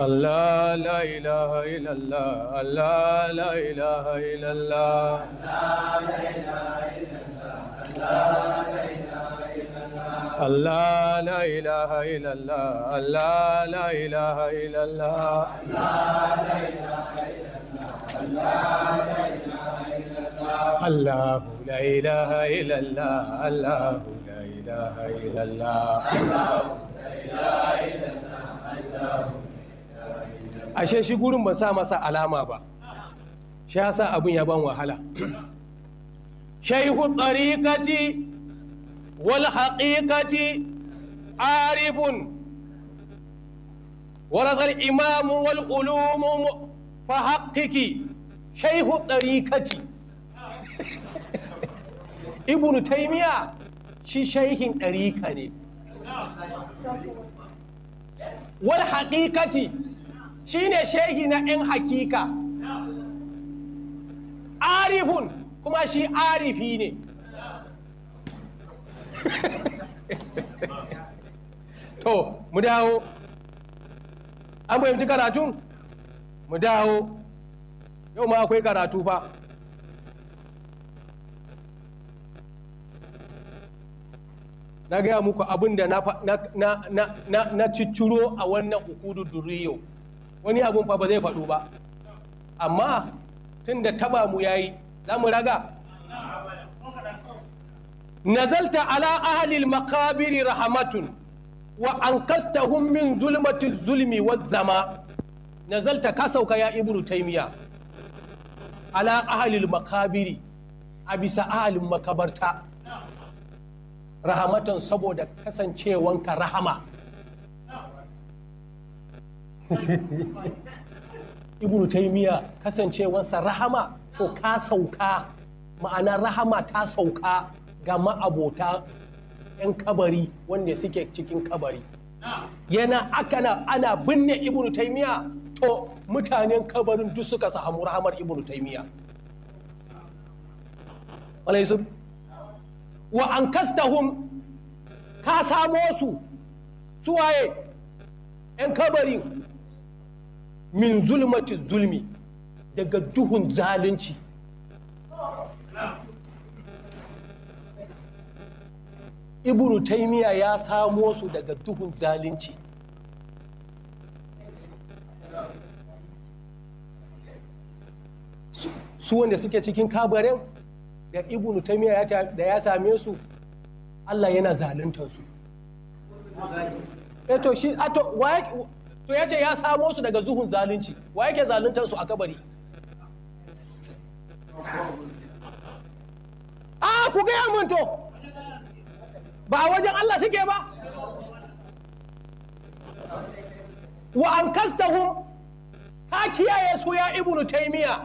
الله لا إله إلا الله الله لا إله إلا الله الله لا إله إلا الله الله لا إله إلا الله الله لا إله إلا الله الله لا إله إلا الله الله لا إله إلا الله الله لا لا اله اله الا الا الله الله الله ashe shi gurin ban sa masa alama ba shi ya sa abin ya ban wahala shaihu tsarikati wal haƙiƙati arifun warasar imamu wal ulumu fa haƙƙiki shaihu tsarikati [laughs] ibnu taimiya shi shaihin ɗarika ne wal haƙiƙati Shi ne shehi na 'yan hakika arifun kuma shi arifi ne [laughs] to mu dawo an fahimci karatu, mu dawo yau ma akwai karatu fa na gaya muku abin da na, na, a wannan hukudu duriyo wani abun fa ba zai faɗo ba amma tunda da taba mu yayi za mu raga nazalta ala ahalil makabiri Rahmatun wa an kasta min zulmati zulmi wa zama nazalta ka sauka ya ibnu taimiya ala ahalil makabiri a bisa ahalin makabarta rahamatan saboda kasancewanka rahama [laughs] ibnu taymiya kasancewansa rahama to ka sauka ma'ana rahama ta sauka ga ma'abota 'yan kabari wanda suke cikin kabari yana akana ana binne ibnu taymiya to mutanen kabarin duk suka samu rahamar ibnu taymiya wa an kastahun ka samo su suwaye 'yan kabarin min zulmati zulmi daga duhun zalunci iburu taimiya ya samo su daga duhun zalunci su wanda suke cikin kabarin da ibnu taimiya da ya same su allah yana zaluntar su eh to ya ce ya samo su daga zuhun zalunci wa yake zaluntar su a kabari a ku gaya min ba a wajen Allah suke ba wa an kastahum ka kiyaye su ya ibnu taimiya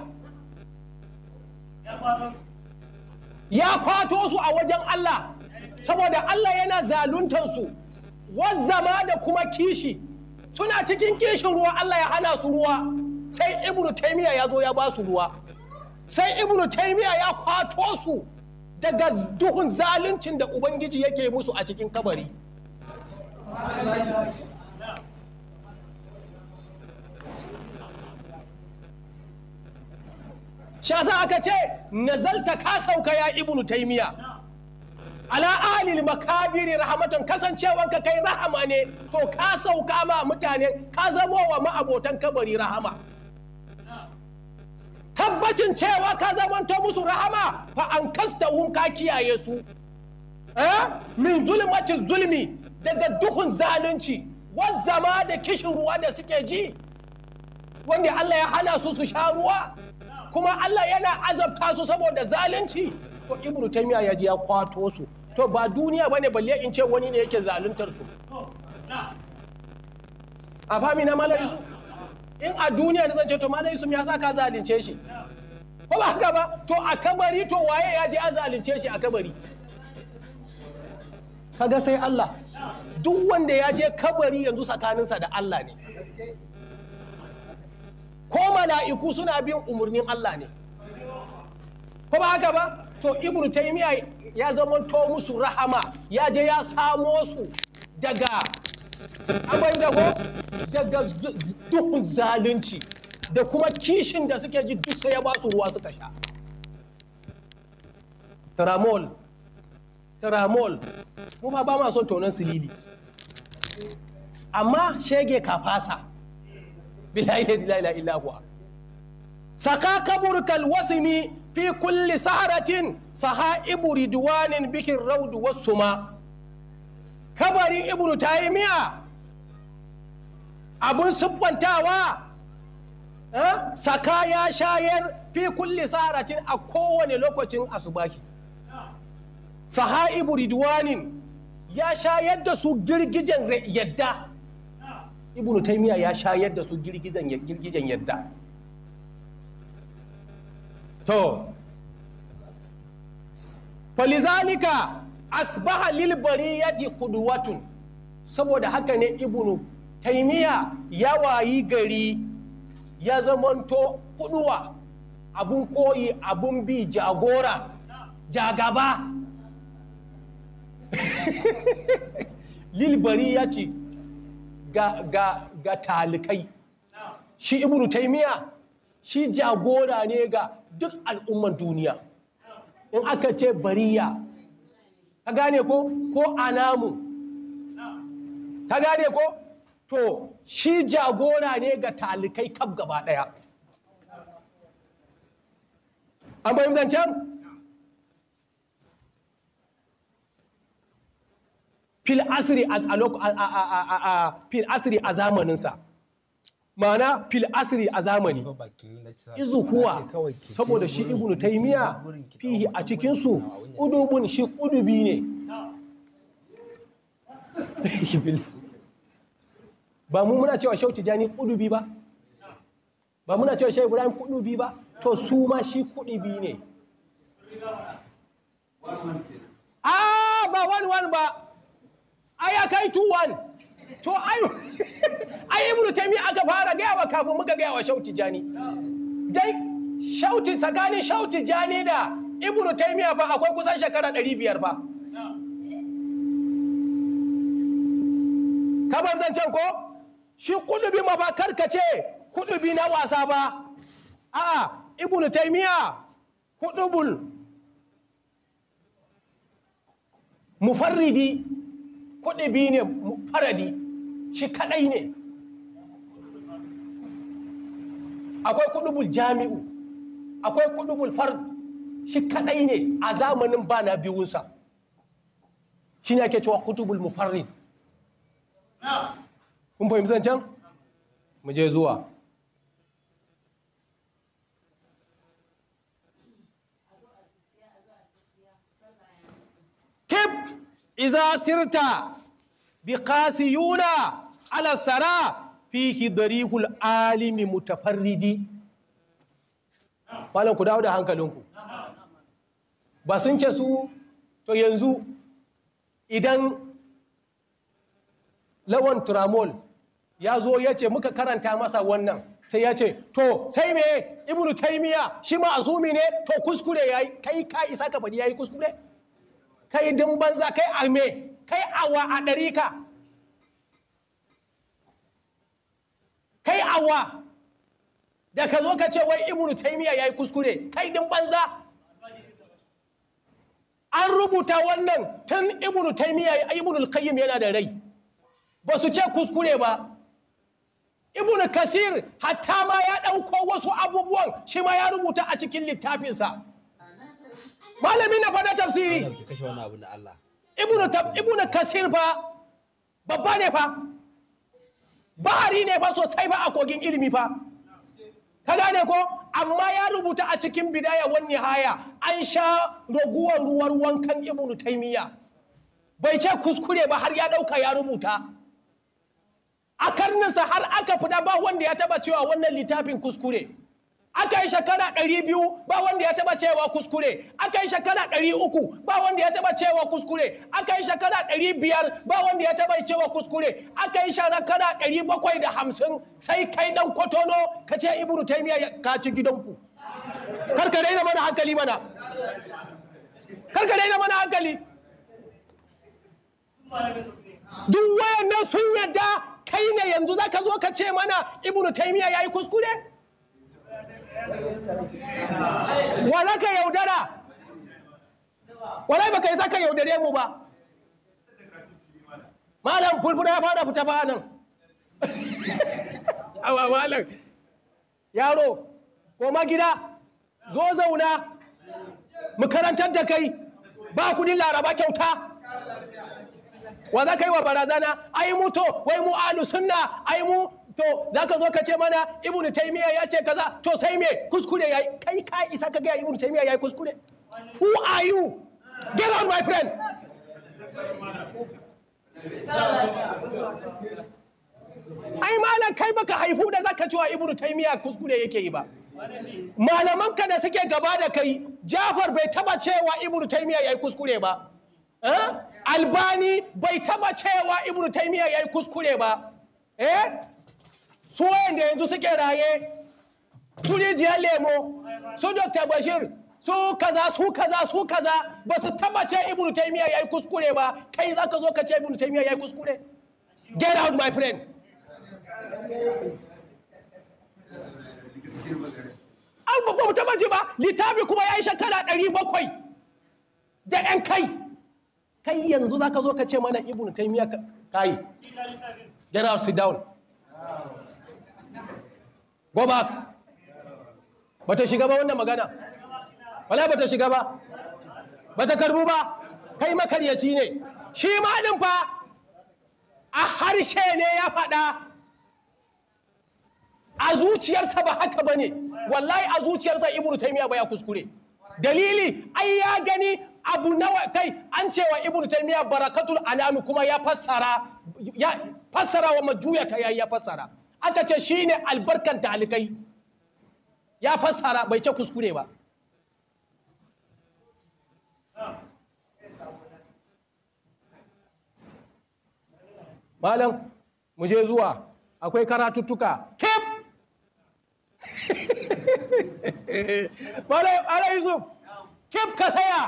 ya kwato su a wajen Allah saboda Allah yana zaluntar su wazzama da kuma kishi suna cikin kishin ruwa Allah ya hana su ruwa sai ibnu taymiya ya zo ya ba su ruwa sai ibnu taymiya ya kwato su daga duhun zaluncin da ubangiji yake musu a cikin kabari shasa aka ce nazalta ka sauka ya ibnu taymiya ala alil makabiri rahmatan kasancewanka kai rahama ne to ka sauka ma mutane ka zamo wa ma'abotan kabari rahama tabbacin cewa ka zamanto musu rahama fa an hun ka kiyaye su min zulmati zulmi daga duhun zalunci zama da kishin ruwa da suke ji wanda Allah ya hana su su sha ruwa kuma Allah yana azabta su saboda zalunci to ibnu taymiya ya ji ya kwato su to ba duniya ba ne balle in ce wani ne yake zaluntar su a fami na malar su in a duniya da zan ce to malar su ya sa ka zalunce shi ko ba haka ba to a kabari to waye ya je a zalunce shi a kabari kaga sai Allah duk wanda ya je kabari yanzu tsakaninsa da Allah ne ko mala'iku suna bin umarnin Allah ne ko ba haka ba to ibnu taimiya ya zamanto musu rahama ya je ya samo su daga abin da ko daga duhun zalunci da kuma kishin da suke ji duk sai ya ba su ruwa suka sha tramol tramol mu ba ba ma son tonon silili amma shege ka fasa bilahi la ilaha illa huwa saka kaburkal wasmi fi kulli saharatin saha'ibu ridwanin bikin raudu wasu ma kabarin yi miya abun siffantawa eh, saka ya shayar fi kulli saharatin a kowane lokacin asubahi saha'ibu ridwanin ya shayar da su girgijen yadda yi miya ya shayar da su girgijen yadda to falizalika asbaha lil bariyati qudwatun saboda haka ne ibnu taimiya ya wayi gari ya zamanto kuduwa abun koyi abun bi jagora jagaba [laughs] lilbari ya ce ga, ga, ga talikai shi ibnu taimiya shi jagora ne ga duk al'umman duniya in aka ce bariya ka gane ko ko anamu ka gane ko to shi jagora ne ga talikai kaf gaba daya an bayan zancen fil asiri a zamaninsa ma'ana fil asiri a zamani izu kuwa saboda shi ibnu taimiya fihi a cikinsu ƙudubun shi ƙudubi ne ba mu muna cewa shauci jani ƙudubi ba ba muna cewa shau ibrahim ƙudubi ba to su ma shi ƙudubi ne a ah, ba wani wani ba a ya kai 2-1 to ayo [laughs] ai ibnu aka fara gaya wa kafin muka gaya wa shauti jani dai shauti tsakanin shauti jani da ibnu taymiya fa akwai kusan shekara 500 fa zan zancen ko shi kudubi ma ba karkace kudubi na wasa ba a'a ibnu taymiya kudubul mufarridi kudubi ne faradi shi kadai ne akwai kudubul jami'u akwai kudubul fard shi kadai ne a zamanin ba na biyunsa shi ne ake cewa kutubul mufarrid kun fahimci zancen? mu je zuwa kip iza sirta bi alasara ala sara dari darihul alimi mutafarridi malam ku dawo da hankalinku ba sun ce su to yanzu idan lawan tramol ya zo ya ce muka karanta masa wannan sai ya ce to sai me ibnu taimiya shi ma azumi ne to kuskure ya yi kai ka isa ka faɗi ya yi kuskure kai din banza kai ame kai awa a ɗari ka kai awa da ka zo ka ce wai ibnu taimiyya ya yi kuskure kai din banza an rubuta wannan tun ibnu taimiyya ibnu qayyim yana da rai ba su ce kuskure ba ibnu kasir hatta ma ya ɗauko wasu abubuwan shi ma ya rubuta a cikin littafinsa malami na faɗa tafsiri ibnu kasir fa babba ne fa bahari ne fa sosai ba a kogin ilimi fa ka gane ko amma ya rubuta a cikin bidaya wani haya an sha raguwar ruwan wankan ibnu taimiyya bai ce kuskure ba har ya dauka ya rubuta a karninsa har aka fida ba wanda ya taba cewa wannan littafin kuskure aka yi shekara ɗari biyu ba wanda ya taɓa cewa kuskure aka yi shekara ɗari uku ba wanda ya taɓa cewa kuskure aka yi shekara ɗari biyar ba wanda ya taɓa cewa kuskure aka yi shekara ɗari bakwai da hamsin sai kai ɗan kwatono ka ce ibnu taimiya ka ci gidanku karka daina mana hankali mana karka daina mana hankali duk wayannan sun yadda kai ne yanzu zaka zo ka ce mana ibnu taimiya yayi kuskure wa za ka yaudara walai baka yi za ka yaudare mu ba malam fulfura ya fara fita ba nan [laughs] awa malam yaro koma gida zo zauna mu karantar da kai ba kudin laraba kyauta wa za ka yi wa barazana ai muto wai mu alu sunna ai mu to zaka zo ka ce mana ibnu taymiya ya ce kaza to sai me kuskure yayi kai ka isa ka ga ibnu taymiya yayi kuskure who are you get out my friend ai malam kai baka haifu da zaka cewa ibnu taymiya kuskure yake yi ba malaman ka da suke gaba da kai jafar bai taba cewa ibnu taymiya yayi kuskure ba eh? albani bai taba cewa ibnu taymiya yayi kuskure ba eh su wayanda yanzu suke raye su rijiyar lemo su dokta bashir su kaza su kaza su kaza ba su taba ce taimiyar ya yi kuskure ba kai za ka zo ka ce taimiyar ya yi kuskure get out my friend an ba mu taba ji ba littafi kuma ya yi shekara 700 da yan kai kai yanzu za ka zo ka ce mana ibn taymiya kai get out sit down go back bata shiga ba wannan magana wala bata shiga ba bata karbu ba kai makaryaci ne shi malin fa a harshe ne ya faɗa a zuciyarsa ba haka ba ne wallahi a zuciyarsa ibnu Taymiya ba ya kuskure dalili ai ya gani abu nawa kai an cewa ibnu taymiya barakatul anami kuma ya fassara ya fassara wa ta yayi ya fassara aka ce shi ne albarkan talikai ya fassara bai ce kuskure ba malam mu je zuwa akwai karatuttuka kip [laughs] malam ala yusuf kip ka saya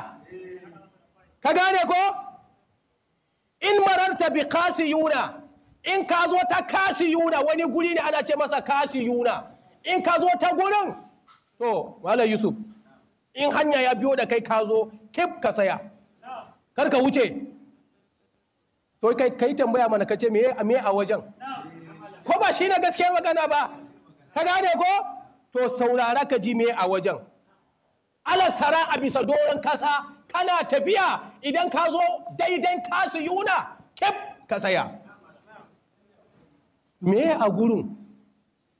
ka gane ko in mararta bi yuna in ka zo ta kasi yuna wani guri ne ana ce masa kasi yuna in ka zo ta gurin to malam yusuf in hanya ya biyo da kai ka zo kif ka saya kar ka wuce to kai kai tambaya mana kace me me a wajen ko ba shine gaskiyar magana ba ka gane ko to saurara ka ji me a wajen sara a bisa doron kasa kana tafiya idan ka zo daidai kasu yuna kif ka saya me a gurin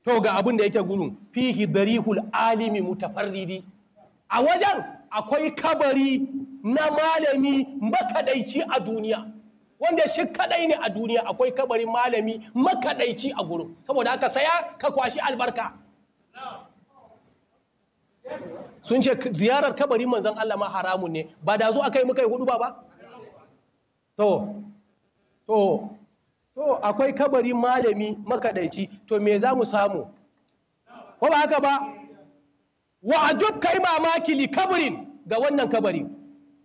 to ga abin da yake gurin fihi darihul alimi mutafarridi a wajen akwai kabari na malami makadaici a duniya wanda shi kadai ne a duniya akwai kabarin malami makadaici a gurin saboda haka saya ka kwashi albarka sun ce ziyarar kabarin manzon Allah ma haramun ne ba da zo akai muka yi hudu ba ba to to to akwai kabarin malami makadaici to me za mu samu ko ba haka ba wa ajub kai mamaki li kabarin ga wannan kabari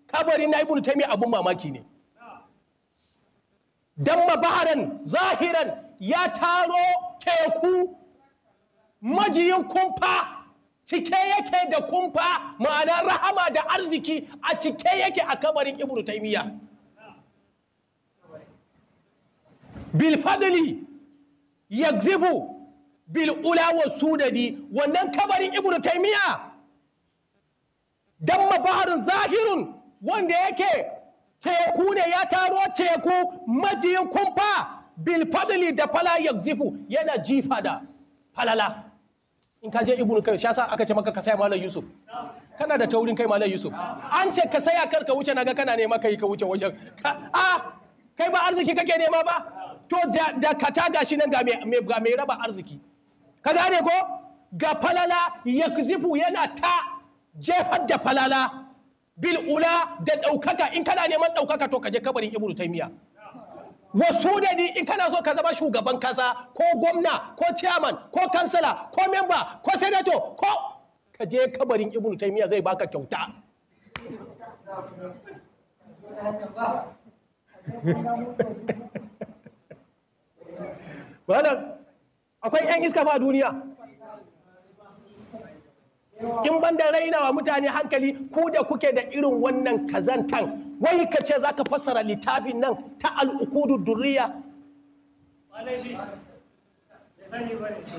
kabarin na ibnu taymi abun mamaki ne dan mabaran zahiran ya taro teku majiyin kumfa cike yake da kumfa ma'ana rahama da arziki a cike yake a kabarin ibnu taymiya bil fadli zifu bil su wa sudadi wannan kabarin ibn taimiya. dan mabaharin zahirun wanda yake teku ne ya taro teku majiyin kumfa bil da fala zifu yana jifa da falala in ka je ibnu kai shasa aka ce maka ka saya malam yusuf kana da taurin kai malam yusuf an ce ka saya kar ka wuce naga kana nema kai ka wuce wajen a kai ba arziki kake nema ba to da kata gashi nan ga mai raba arziki ka gane ko ga falala ya yana ta jefar da falala bil ula da ɗaukaka in kana neman ɗaukaka to ka je kabarin ibnu taymiya wasu da ni in kana so ka zama shugaban kasa ko gwamna ko chairman ko kansala ko memba ko senator ko ka je kabarin ibnu zai baka kyauta [laughs] akwai 'yan iska ma a duniya. In ban da wa mutane hankali ku da kuke da irin wannan kazantan, wai ka ce za ka fassara littafin nan ta al'ukudu duriya.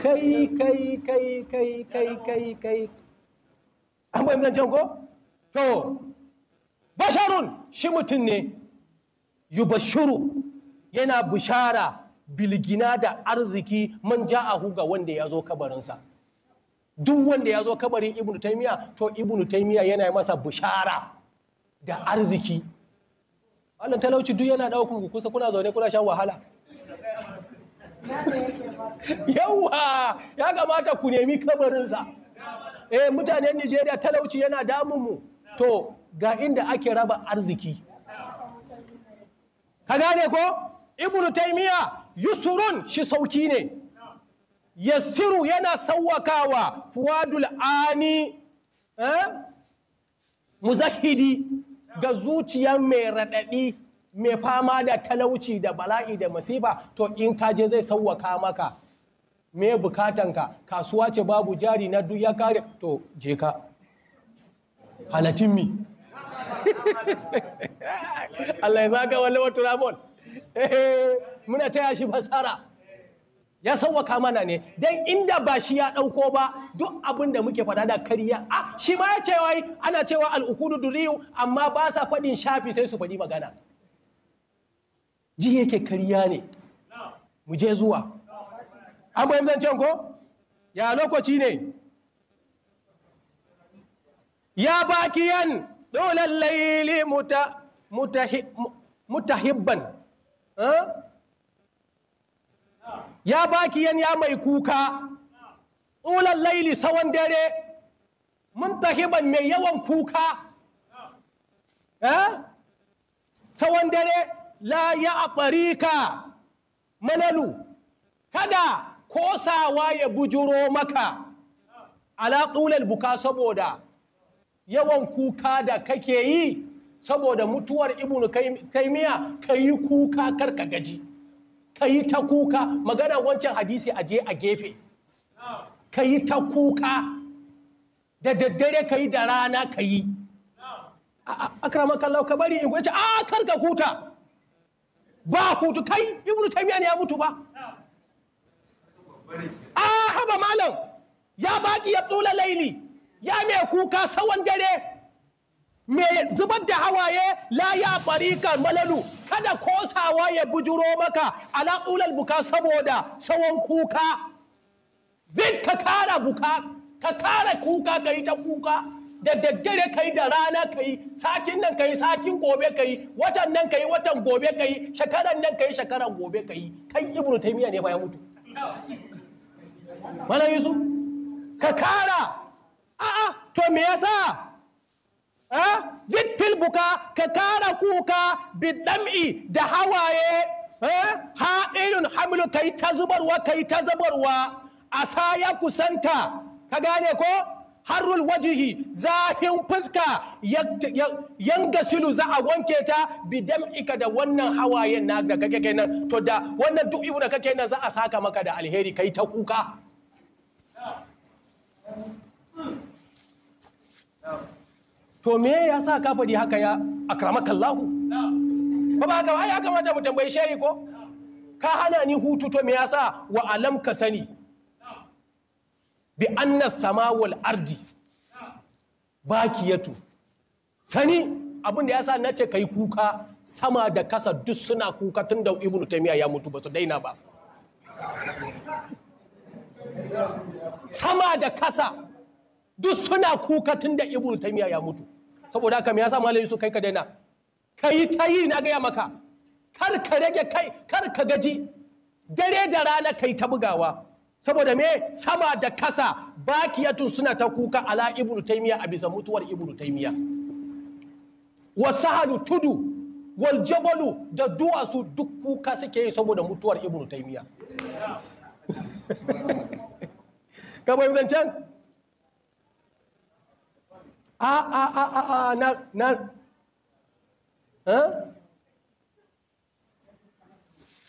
Kai, kai, kai, kai, kai, kai, kai. An bai zan ko? To, basharun shi mutum ne, yubashuru yana bushara bilgina da arziki man ja a ga wanda ya zo kabarinsa duk wanda ya zo kabarin ibnu taimiyya to ibnu taimiyya yana masa bushara da arziki wannan talauci duk yana ɗaukun ku kusa kuna zaune kuna shan wahala yawa ya kamata ku nemi kabarinsa eh mutanen Nijeriya talauci yana damun mu. to ga inda ake raba arziki ka gane ko ibnu taimiyya yusurun shi sauki ne yassiru yana sauwakawa fuwadul ani eh, muzahidi ga zuciya mai raɗaɗi mai fama da talauci da bala'i da masifa to in kaje zai sauwaka maka me bukatanka kasuwa ce babu jari na duk ya kare to je ka halatin [laughs] Allah ya zaka wani wata rabon eh, muna taya shi fasara ya sauwaka mana ne don inda ba shi ya ɗauko ba duk abin da muke faɗa da kariya a shi ma ya ce wai ana cewa al'ukudu duriyu amma ba sa faɗin shafi sai su faɗi magana ji yake kariya ne mu je zuwa an bayan zancen ko ya lokaci ne ya bakiyan dole laili mutahibban muta ya baki yan ya mai kuka ulan laili sawan dare mun tahiban mai yawan kuka sawan dare la ya ka manalu kada kosawa ya bujuro maka ala ƙulal buka saboda yawan kuka da kake yi saboda mutuwar ibnu taimiya ka yi kuka karka gaji ka ta kuka magana wancan hadisi a je a gefe ka ta kuka da daddare ka da rana ka yi akrama kallau ka bari in ce a kar ka huta ba hutu kai ibnu taymiya ne ya mutu ba a haba malam ya baki ya tula laili ya mai kuka sawan dare me zubar da hawaye la ya barikan malalu kada kosawa ya bujuro maka ala ulal buka saboda sawon kuka zai ka kara buka ka kara kuka ka yi ta kuka da daddare ka yi da rana ka yi satin nan ka yi satin gobe ka yi watan nan ka yi watan gobe ka yi shekaran nan ka yi shekaran gobe ka yi kai ibnu taymiya ne bayan mutu malam yusuf ka kara a'a to me yasa zid fil buka ka kara kuka bidam'i da hawaye ha'ilun hamilu kai ta zubarwa kai ta zubarwa a sa ya kusanta ka gane ko harul wajihi zahin fuska yanka silu za a wanke ta bidam ka da wannan hawayen na da kake kenan to da wannan duk ibu da kake nan za a saka maka da alheri kai ta kuka hmm. Hmm. to me ya sa ka faɗi haka ya akramakallahu ba ba haka ai kamata mu tambayi shehi ko ka hana ni hutu to me ya sa wa alam ka sani bi anna sama wal ardi bakiyatu sani abin da ya sa na ce kai kuka sama da kasa duk suna kuka tun da ibnu taymiya ya mutu ba su daina ba sama da kasa duk suna kuka tun da ibnu taimiya ya mutu saboda haka me yasa malami su kai ka daina kai ta yi na gaya maka kar ka rage kai kar ka gaji dare da rana kai ta bugawa saboda me sama da kasa bakiyatu suna ta kuka ala ibnu taimiya a bisa mutuwar taimiya wasu wasahalu tudu wal jabalu da duwatsu duk kuka suke yi saboda mutuwar ibnu taimiya. [laughs] a a a a a na na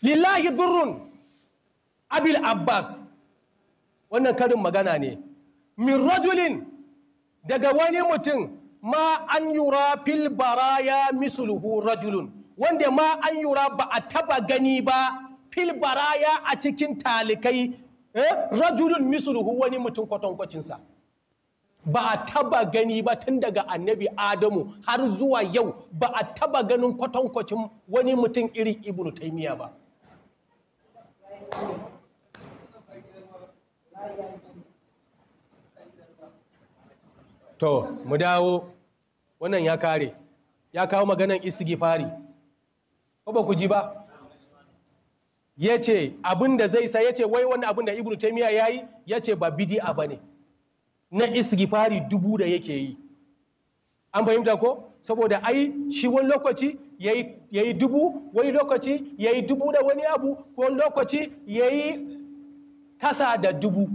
lillahi durrun abil abbas wannan karin magana ne min rajulin daga wani mutum ma an yura fil baraya misluhu rajulun wanda ma an yura ba a taba gani ba fil baraya a cikin talikai eh, rajulun misluhu wani mutum kwatankwacinsa ba a taba gani ba tun daga annabi adamu har zuwa yau ba a taba ganin kwatankwacin wani mutum irin ibnu taimiya ba to mu dawo wannan ya kare ya kawo maganan isigifari ko ba ku ji ba ya ce abin da zai sa ya ce wai wani abinda da ibnu taimiya ya yi ya ce ba bidi'a ba ne na isgifari dubu da yake yi an fahimta ko saboda ai shi wani lokaci ya yi dubu wani lokaci ya yi dubu da wani abu wani lokaci ya yi kasa da dubu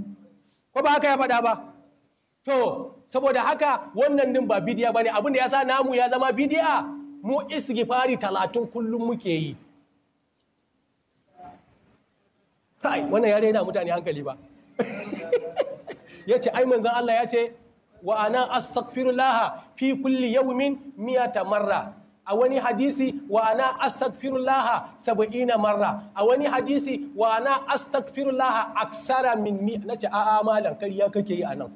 ko ba haka ya faɗa ba to saboda haka wannan din ba bidiya ba ne abin da ya sa namu ya zama bidiya mu isgifari talatin kullum muke yi kai wannan ya yana mutane hankali ba [laughs] ya ce ai manzan Allah ya ce wa ana laha fi kulli yawmin miyata marra a wani hadisi wa ana saba'i na marra a wani hadisi wa ana astaghfirullah aksara min mi nace a'a malam kariya kake yi anan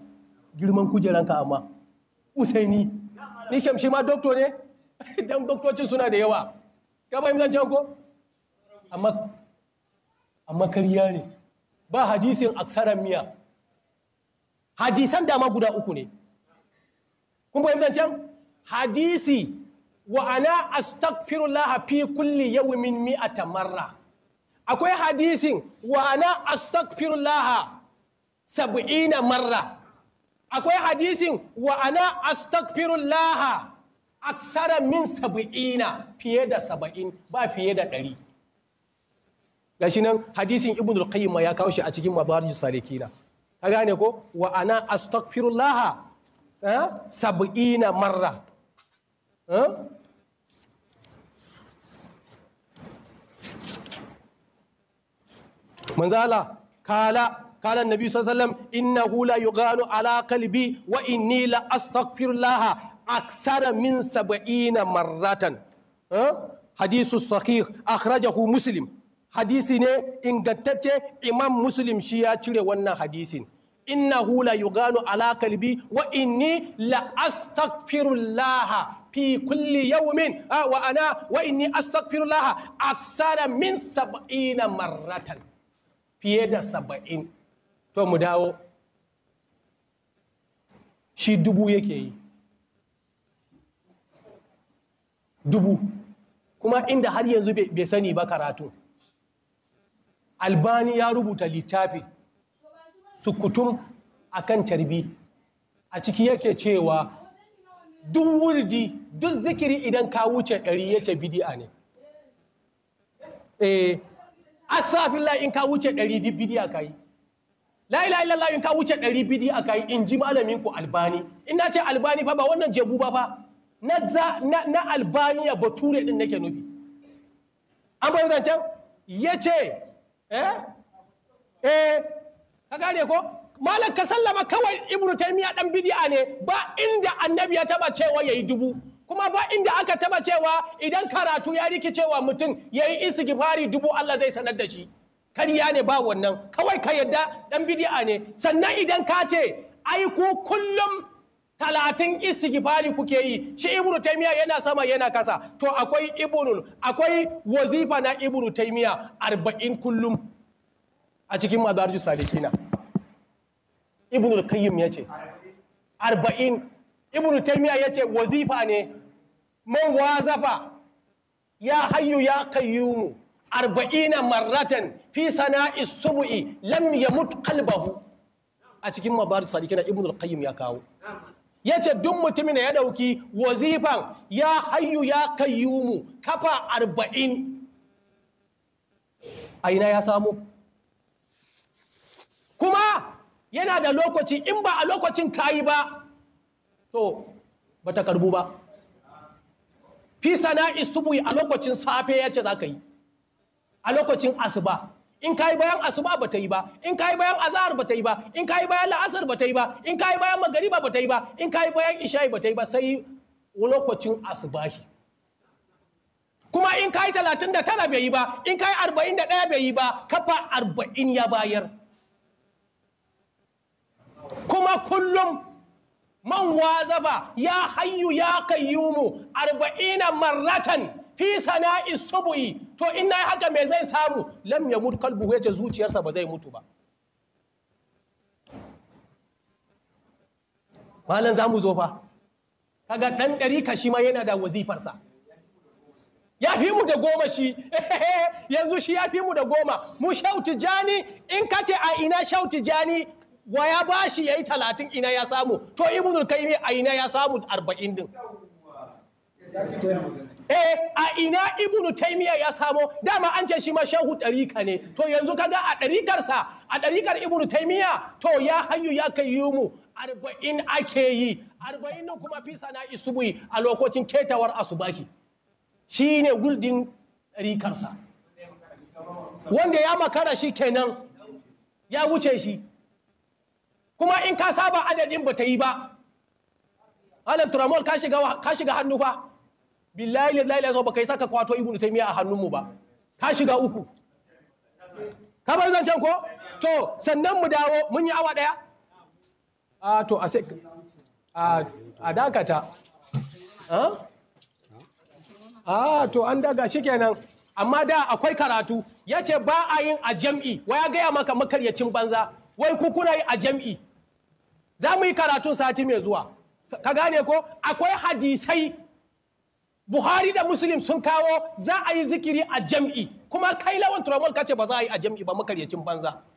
girman kujeranka amma usaini ni kam shi ma doctor ne [laughs] dan doktocin suna da yawa ka fahimta can ko amma amma kariya ne ba hadisin aksara miya hadisan dama guda uku ne kun fahimtar can hadisi wa ana astaghfirullah fi kulli yawmin mi'ata marra akwai hadisin wa ana astaghfirullah marra akwai hadisin wa ana astaghfirullah aksara min sab'ina fiye da saba'in ba fiye da ɗari gashi nan hadisin ibn al-qayyim ya kawo shi a cikin mabarijus salikina ka gane ko wa ana astaghfirullaha eh, sab'ina marra eh? manzala kala kala nabi sallallahu alaihi inna hu la yughanu ala qalbi wa inni la astaghfirullaha aksara min sab'ina marratan eh? hadithu sahih akhrajahu muslim hadisi ne ingantacce imam muslim shi ya cire wannan hadisin inna hula yuganu ala kalbi wa inni la fi kulli yawmin wa ana wa inni astaghfirullah aksara min saba'ina marratan fiye da saba'in to mu dawo shi dubu yake yi dubu kuma inda har yanzu bai sani ba karatu albani ya rubuta littafi sukutum kan carbi a ciki yake cewa duk wurdi duk zikiri idan ka wuce ɗari yace bidiya ne eh asafillah in ka wuce ɗari duk bidiya ka yi la'ila illallah in ka wuce ɗari bidiya ka yi in ji malamin ku albani in na ce albani fa ba wannan jebu ba fa na albaniya bature din nake nufi an bayan zancen ya ce eh eh ka gane ko malam ka sallama kawai ibnu taymiya dan bid'a ne ba inda annabi ya taba cewa yayi dubu kuma ba inda aka taba cewa idan karatu ya rikicewa mutum yayi isgifari dubu Allah zai sanar da shi kariya ne ba wannan kawai ka yadda dan bid'a ne sannan idan ka ce ai ku kullum talatin istighfari kuke yi shi ibnu taymiya yana sama yana kasa to akwai ibnu akwai wazifa na ibnu taymiya arba'in kullum a cikin madarju salikina ibnu qayyim ce arba'in ibnu taymiya ce wazifa ne man wazafa ya hayyu ya qayyumu arba'ina marratan fi sana'i subu'i lam yamut qalbahu a cikin madarju salikina ibnu qayyim ya kawo ya ce duk mutumin da ya ɗauki wazifan ya hayu ya kayyumu kafa arba'in a ina ya samu kuma yana da lokaci in ba a lokacin kayi ba to ba ta karbu ba fi sana'i subu a lokacin safe ya ce za ka yi a lokacin asuba in kayi bayan asuba ba ta yi ba in kayi bayan azahar ba ta yi ba in kayi bayan la'asar ba ta yi ba in kayi bayan magariba ba ta yi ba in kayi bayan isha'i ba ta yi ba sai lokacin asubahi kuma in kayi talatin da tara bai yi ba in kayi arba'in da ɗaya bai yi ba kafa arba'in ya bayar kuma kullum man wazafa ya hayyu ya kayyumu arba'ina marratan fi sana'i subu'i to in nayi haka me zai samu lam yamut qalbuhu yace zuciyarsa ba zai mutu ba malan zamu zo fa kaga dan dari kashi ma yana da wazifarsa ya fi mu da goma shi [laughs] yanzu shi ya fi mu da goma mu shauti jani in kace a ina shauti jani wa ya ba shi ya yi talatin ina ya samu to ibnul kaimi a ina ya samu arba'in din eh a ina ibnu taymiya ya samo dama an ce shi ma shehu ɗarika ne to yanzu kaga a ɗarikarsa a ɗarikar ibnu taymiya to ya hanyu ya mu arba'in ake yi arba'in nan kuma fi sana isubi a lokacin ketawar asubahi shi ne guldin ɗarikarsa wanda ya makara shi kenan ya wuce shi kuma in ka saba adadin ba ta yi ba alam turamol ka shiga hannu ba? billahi la ilaha ba kai saka kwato ibnu taymiya a hannunmu ba ka shiga uku ka bar zancen ko to sannan mu dawo mun yi awa daya a to a sai a dakata a to an daga shi kenan amma da akwai karatu ya ce ba a yin a jam'i wa ya gaya maka makaryacin banza wai kukuna yi a jam'i za mu yi karatun sati mai zuwa ka gane ko akwai hadisai Buhari da Muslim sun kawo za a yi zikiri a jam'i kuma kai lawan Tramol kace ba za a yi a jam'i ba makaryacin banza